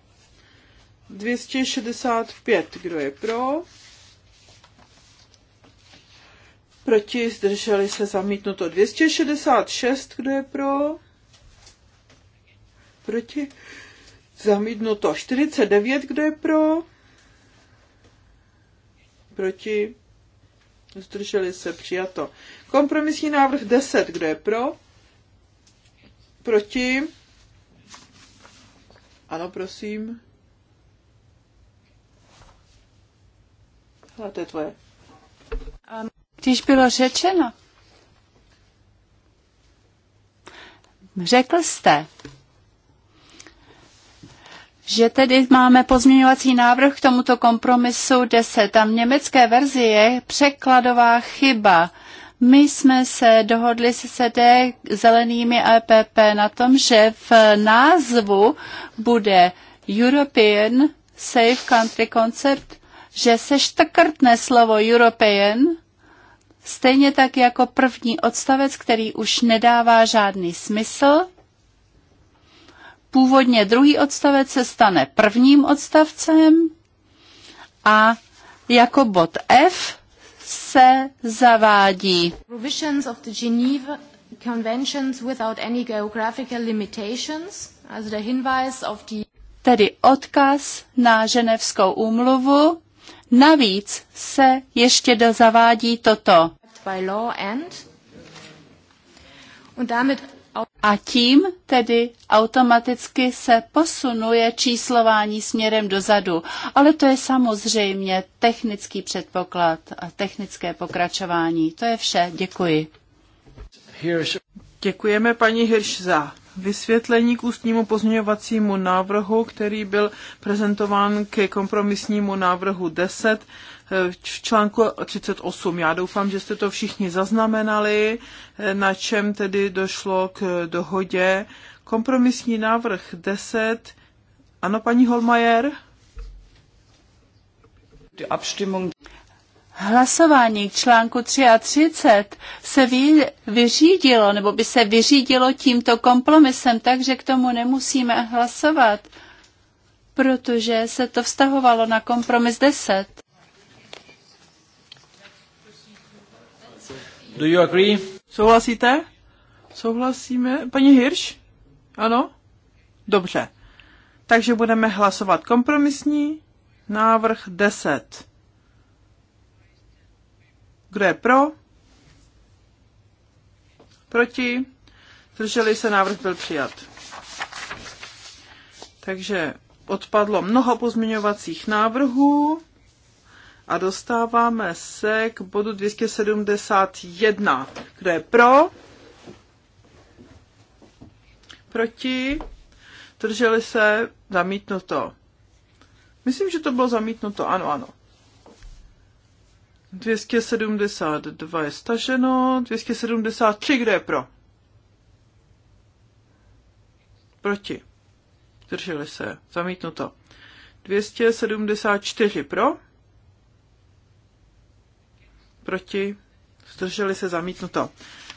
265, kdo je pro, proti, zdrželi se zamítnuto. 266, kdo je pro, proti, Zamítnuto 49, kdo je pro? Proti? Zdrželi se, přijato. Kompromisní návrh 10, kdo je pro? Proti? Ano, prosím. Ale to je tvoje. Když bylo řečeno, řekl jste, že tedy máme pozměňovací návrh k tomuto kompromisu 10. Tam v německé verzi je překladová chyba. My jsme se dohodli se SD zelenými a EPP na tom, že v názvu bude European Safe Country Concept, že se štkrtne slovo European, stejně tak jako první odstavec, který už nedává žádný smysl původně druhý odstavec se stane prvním odstavcem a jako bod F se zavádí. Provisions of the Geneva Conventions without any geographical limitations, Hinweis tedy odkaz na ženevskou úmluvu. Navíc se ještě dozavádí toto. By law and, und damit a tím tedy automaticky se posunuje číslování směrem dozadu. Ale to je samozřejmě technický předpoklad a technické pokračování. To je vše. Děkuji. Děkujeme paní Hirš za vysvětlení k ústnímu pozměňovacímu návrhu, který byl prezentován ke kompromisnímu návrhu 10 v článku 38. Já doufám, že jste to všichni zaznamenali, na čem tedy došlo k dohodě. Kompromisní návrh 10. Ano, paní Holmajer? Hlasování k článku 33 se vy, vyřídilo, nebo by se vyřídilo tímto kompromisem, takže k tomu nemusíme hlasovat, protože se to vztahovalo na kompromis 10. Do you agree? Souhlasíte? Souhlasíme. Paní Hirš? Ano? Dobře. Takže budeme hlasovat kompromisní návrh 10. Kdo je pro? Proti? Zdrželi se, návrh byl přijat. Takže odpadlo mnoho pozměňovacích návrhů a dostáváme se k bodu 271. Kdo je pro? Proti? Drželi se? Zamítnuto. Myslím, že to bylo zamítnuto. Ano, ano. 272 je staženo. 273, kde je pro? Proti. Drželi se. Zamítnuto. 274 pro proti, zdrželi se zamítnuto.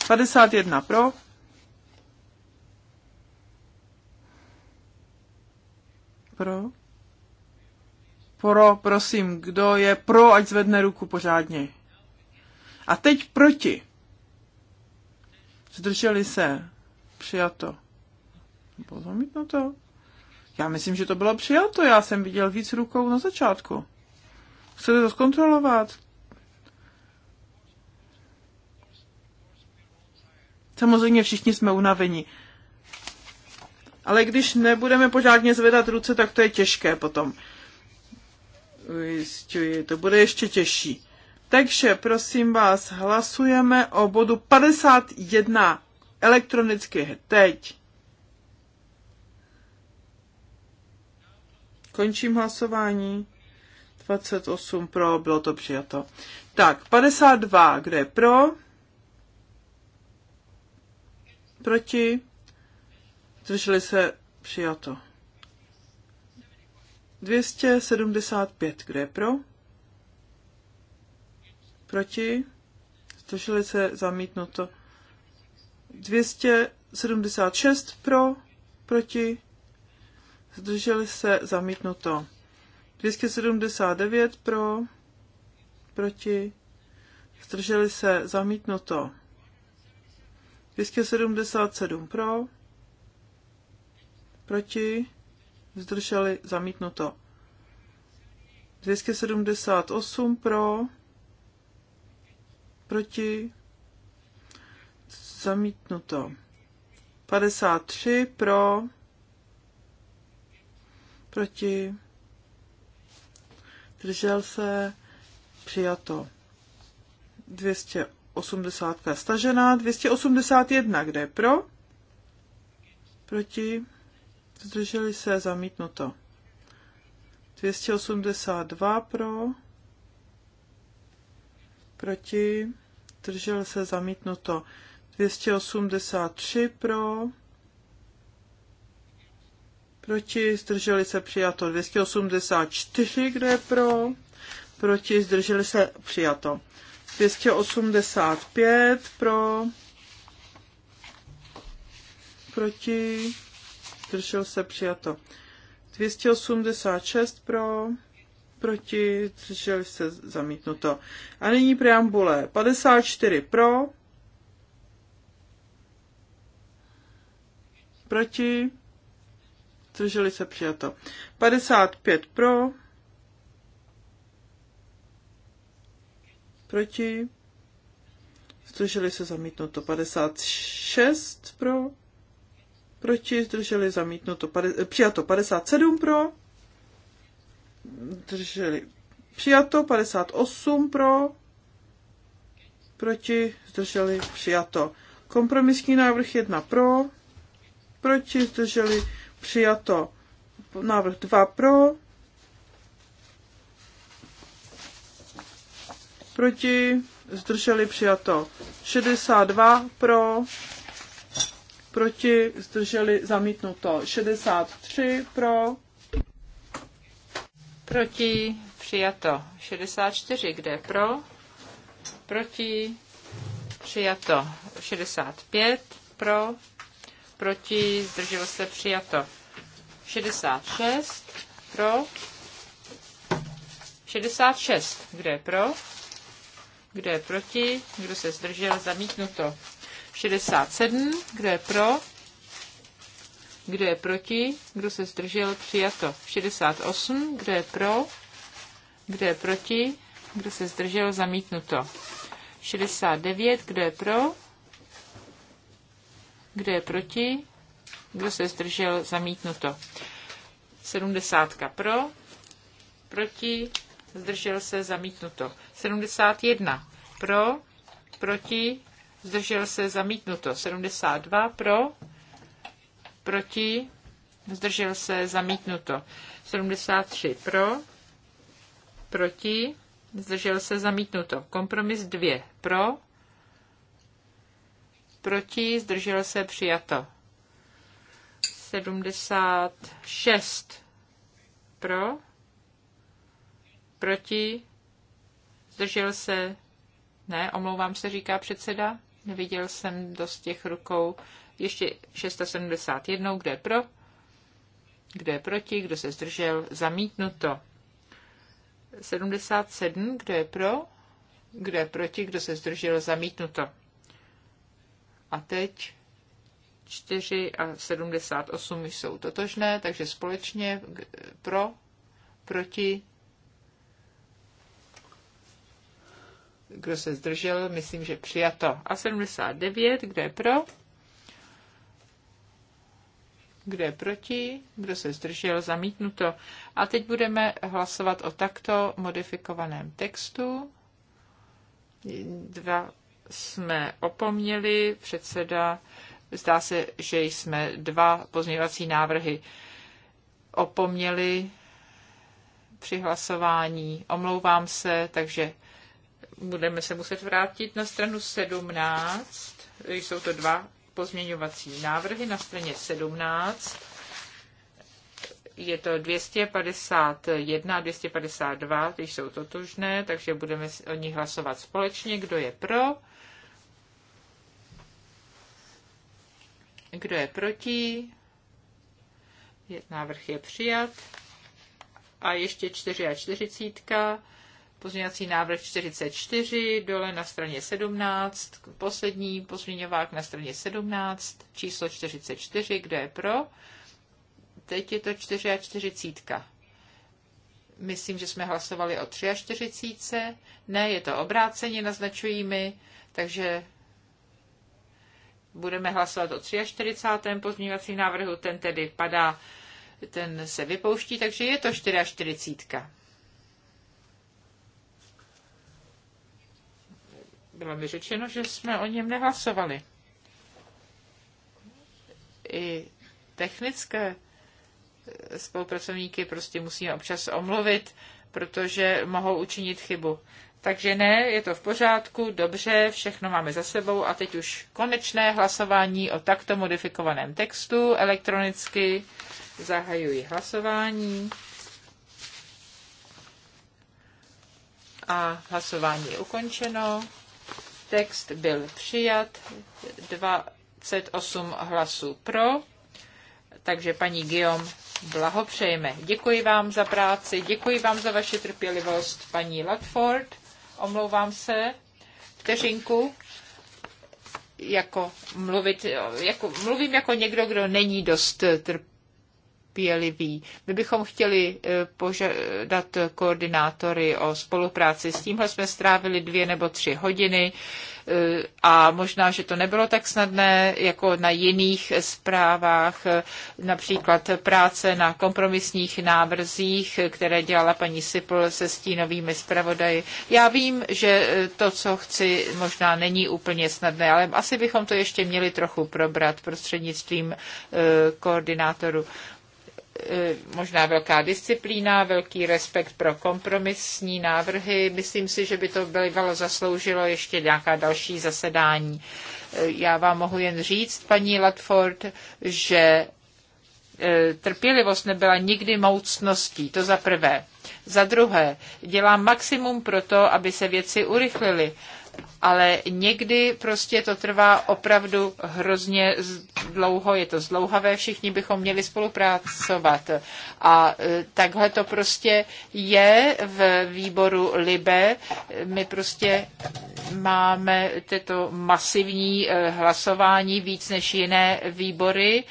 51 pro, pro, pro, prosím, kdo je pro, ať zvedne ruku pořádně. A teď proti. Zdrželi se. Přijato. Bylo zamítnuto. Já myslím, že to bylo přijato. Já jsem viděl víc rukou na začátku. Chcete to zkontrolovat? Samozřejmě všichni jsme unavení. Ale když nebudeme pořádně zvedat ruce, tak to je těžké potom. Ujistuji, to bude ještě těžší. Takže prosím vás, hlasujeme o bodu 51 elektronicky teď. Končím hlasování. 28 pro, bylo to přijato. Tak, 52, kde je pro? Proti? Zdrželi se přijato. 275, kdo je pro? Proti? Zdrželi se zamítnuto. 276 pro, proti, zdrželi se zamítnuto. 279 pro, proti, zdrželi se zamítnuto. 277 pro, proti, zdrželi, zamítnuto. 278 pro, proti, zamítnuto. 53 pro, proti, držel se, přijato. 200 80 stažená, 281, kde je pro, proti, zdrželi se, zamítnuto. 282 pro, proti, zdrželi se, zamítnuto. 283 pro, proti, zdrželi se, přijato. 284, kde je pro, proti, zdrželi se, přijato. 285 pro, proti, zdržel se přijato. 286 pro, proti, zdrželi se zamítnuto. A nyní preambule. 54 pro, proti, zdrželi se přijato. 55 pro, proti, zdrželi se zamítnuto 56 pro, proti, zdrželi zamítnuto, přijato 57 pro, zdrželi přijato 58 pro, proti, zdrželi přijato. Kompromisní návrh 1 pro, proti, zdrželi přijato. Návrh 2 pro, proti, zdrželi přijato 62 pro, proti, zdrželi zamítnuto 63 pro, proti, přijato 64, kde pro, proti, přijato 65 pro, proti, zdrželo se přijato 66 pro, 66, kde pro, kdo je proti? Kdo se zdržel? Zamítnuto. 67. Kdo je pro? Kdo je proti? Kdo se zdržel? Přijato. 68. Kdo je pro? Kdo je proti? Kdo se zdržel? Zamítnuto. 69. Kdo je pro? Kdo je proti? Kdo se zdržel? Zamítnuto. 70. Pro? Proti? zdržel se, zamítnuto. 71 pro, proti, zdržel se, zamítnuto. 72 pro, proti, zdržel se, zamítnuto. 73 pro, proti, zdržel se, zamítnuto. Kompromis 2 pro, proti, zdržel se, přijato. 76 pro, Proti? Zdržel se? Ne, omlouvám se, říká předseda. Neviděl jsem dost těch rukou. Ještě 671, kdo je pro? Kdo je proti? Kdo se zdržel? Zamítnuto. 77, kdo je pro? Kdo je proti? Kdo se zdržel? Zamítnuto. A teď 4 a 78 jsou totožné, takže společně pro, proti, kdo se zdržel, myslím, že přijato. A 79, kdo je pro, kdo je proti, kdo se zdržel, zamítnuto. A teď budeme hlasovat o takto modifikovaném textu. Dva jsme opomněli, předseda, zdá se, že jsme dva pozměňovací návrhy opomněli při hlasování. Omlouvám se, takže budeme se muset vrátit na stranu 17. Jsou to dva pozměňovací návrhy na straně 17. Je to 251 a 252, ty jsou totožné, takže budeme o nich hlasovat společně. Kdo je pro? Kdo je proti? Návrh je přijat. A ještě 44. Pozměňovací návrh 44, dole na straně 17, poslední pozměňovák na straně 17, číslo 44, kdo je pro. Teď je to 4 a 40. Myslím, že jsme hlasovali o 3 a 40. Ne, je to obráceně, naznačují mi, takže budeme hlasovat o 43. pozměňovacím návrhu, ten tedy padá, ten se vypouští, takže je to 44. Bylo mi řečeno, že jsme o něm nehlasovali. I technické eh, spolupracovníky prostě musíme občas omluvit, protože mohou učinit chybu. Takže ne, je to v pořádku, dobře, všechno máme za sebou a teď už konečné hlasování o takto modifikovaném textu elektronicky. Zahajuji hlasování. A hlasování je ukončeno. Text byl přijat 28 hlasů pro, takže paní Guillaume blahopřejme. Děkuji vám za práci, děkuji vám za vaši trpělivost, paní Latford. Omlouvám se, vteřinku jako mluvit, jako, mluvím jako někdo, kdo není dost trp, trpěliví. My bychom chtěli eh, požádat koordinátory o spolupráci. S tímhle jsme strávili dvě nebo tři hodiny eh, a možná, že to nebylo tak snadné jako na jiných zprávách, eh, například práce na kompromisních návrzích, které dělala paní Sipl se stínovými zpravodaji. Já vím, že to, co chci, možná není úplně snadné, ale asi bychom to ještě měli trochu probrat prostřednictvím koordinátoru. E, možná velká disciplína, velký respekt pro kompromisní návrhy. Myslím si, že by to bylo zasloužilo ještě nějaká další zasedání. E, já vám mohu jen říct, paní Latford, že e, trpělivost nebyla nikdy moucností, to za prvé. Za druhé, dělám maximum pro to, aby se věci urychlily ale někdy prostě to trvá opravdu hrozně dlouho, je to zdlouhavé, všichni bychom měli spolupracovat. A e, takhle to prostě je v výboru Libe. My prostě máme tyto masivní e, hlasování víc než jiné výbory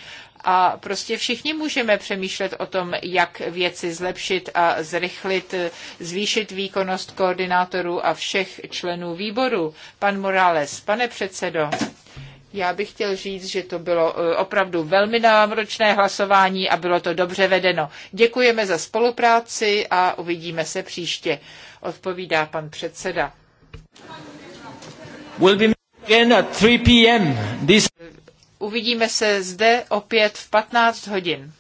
a prostě všichni můžeme přemýšlet o tom, jak věci zlepšit a zrychlit, zvýšit výkonnost koordinátorů a všech členů výboru. Pan Morales, pane předsedo. Já bych chtěl říct, že to bylo eh, opravdu velmi náročné hlasování a bylo to dobře vedeno. Děkujeme za spolupráci a uvidíme se příště, odpovídá pan předseda. We'll be again at 3 p.m. This... Uvidíme se zde opět v 15 hodin.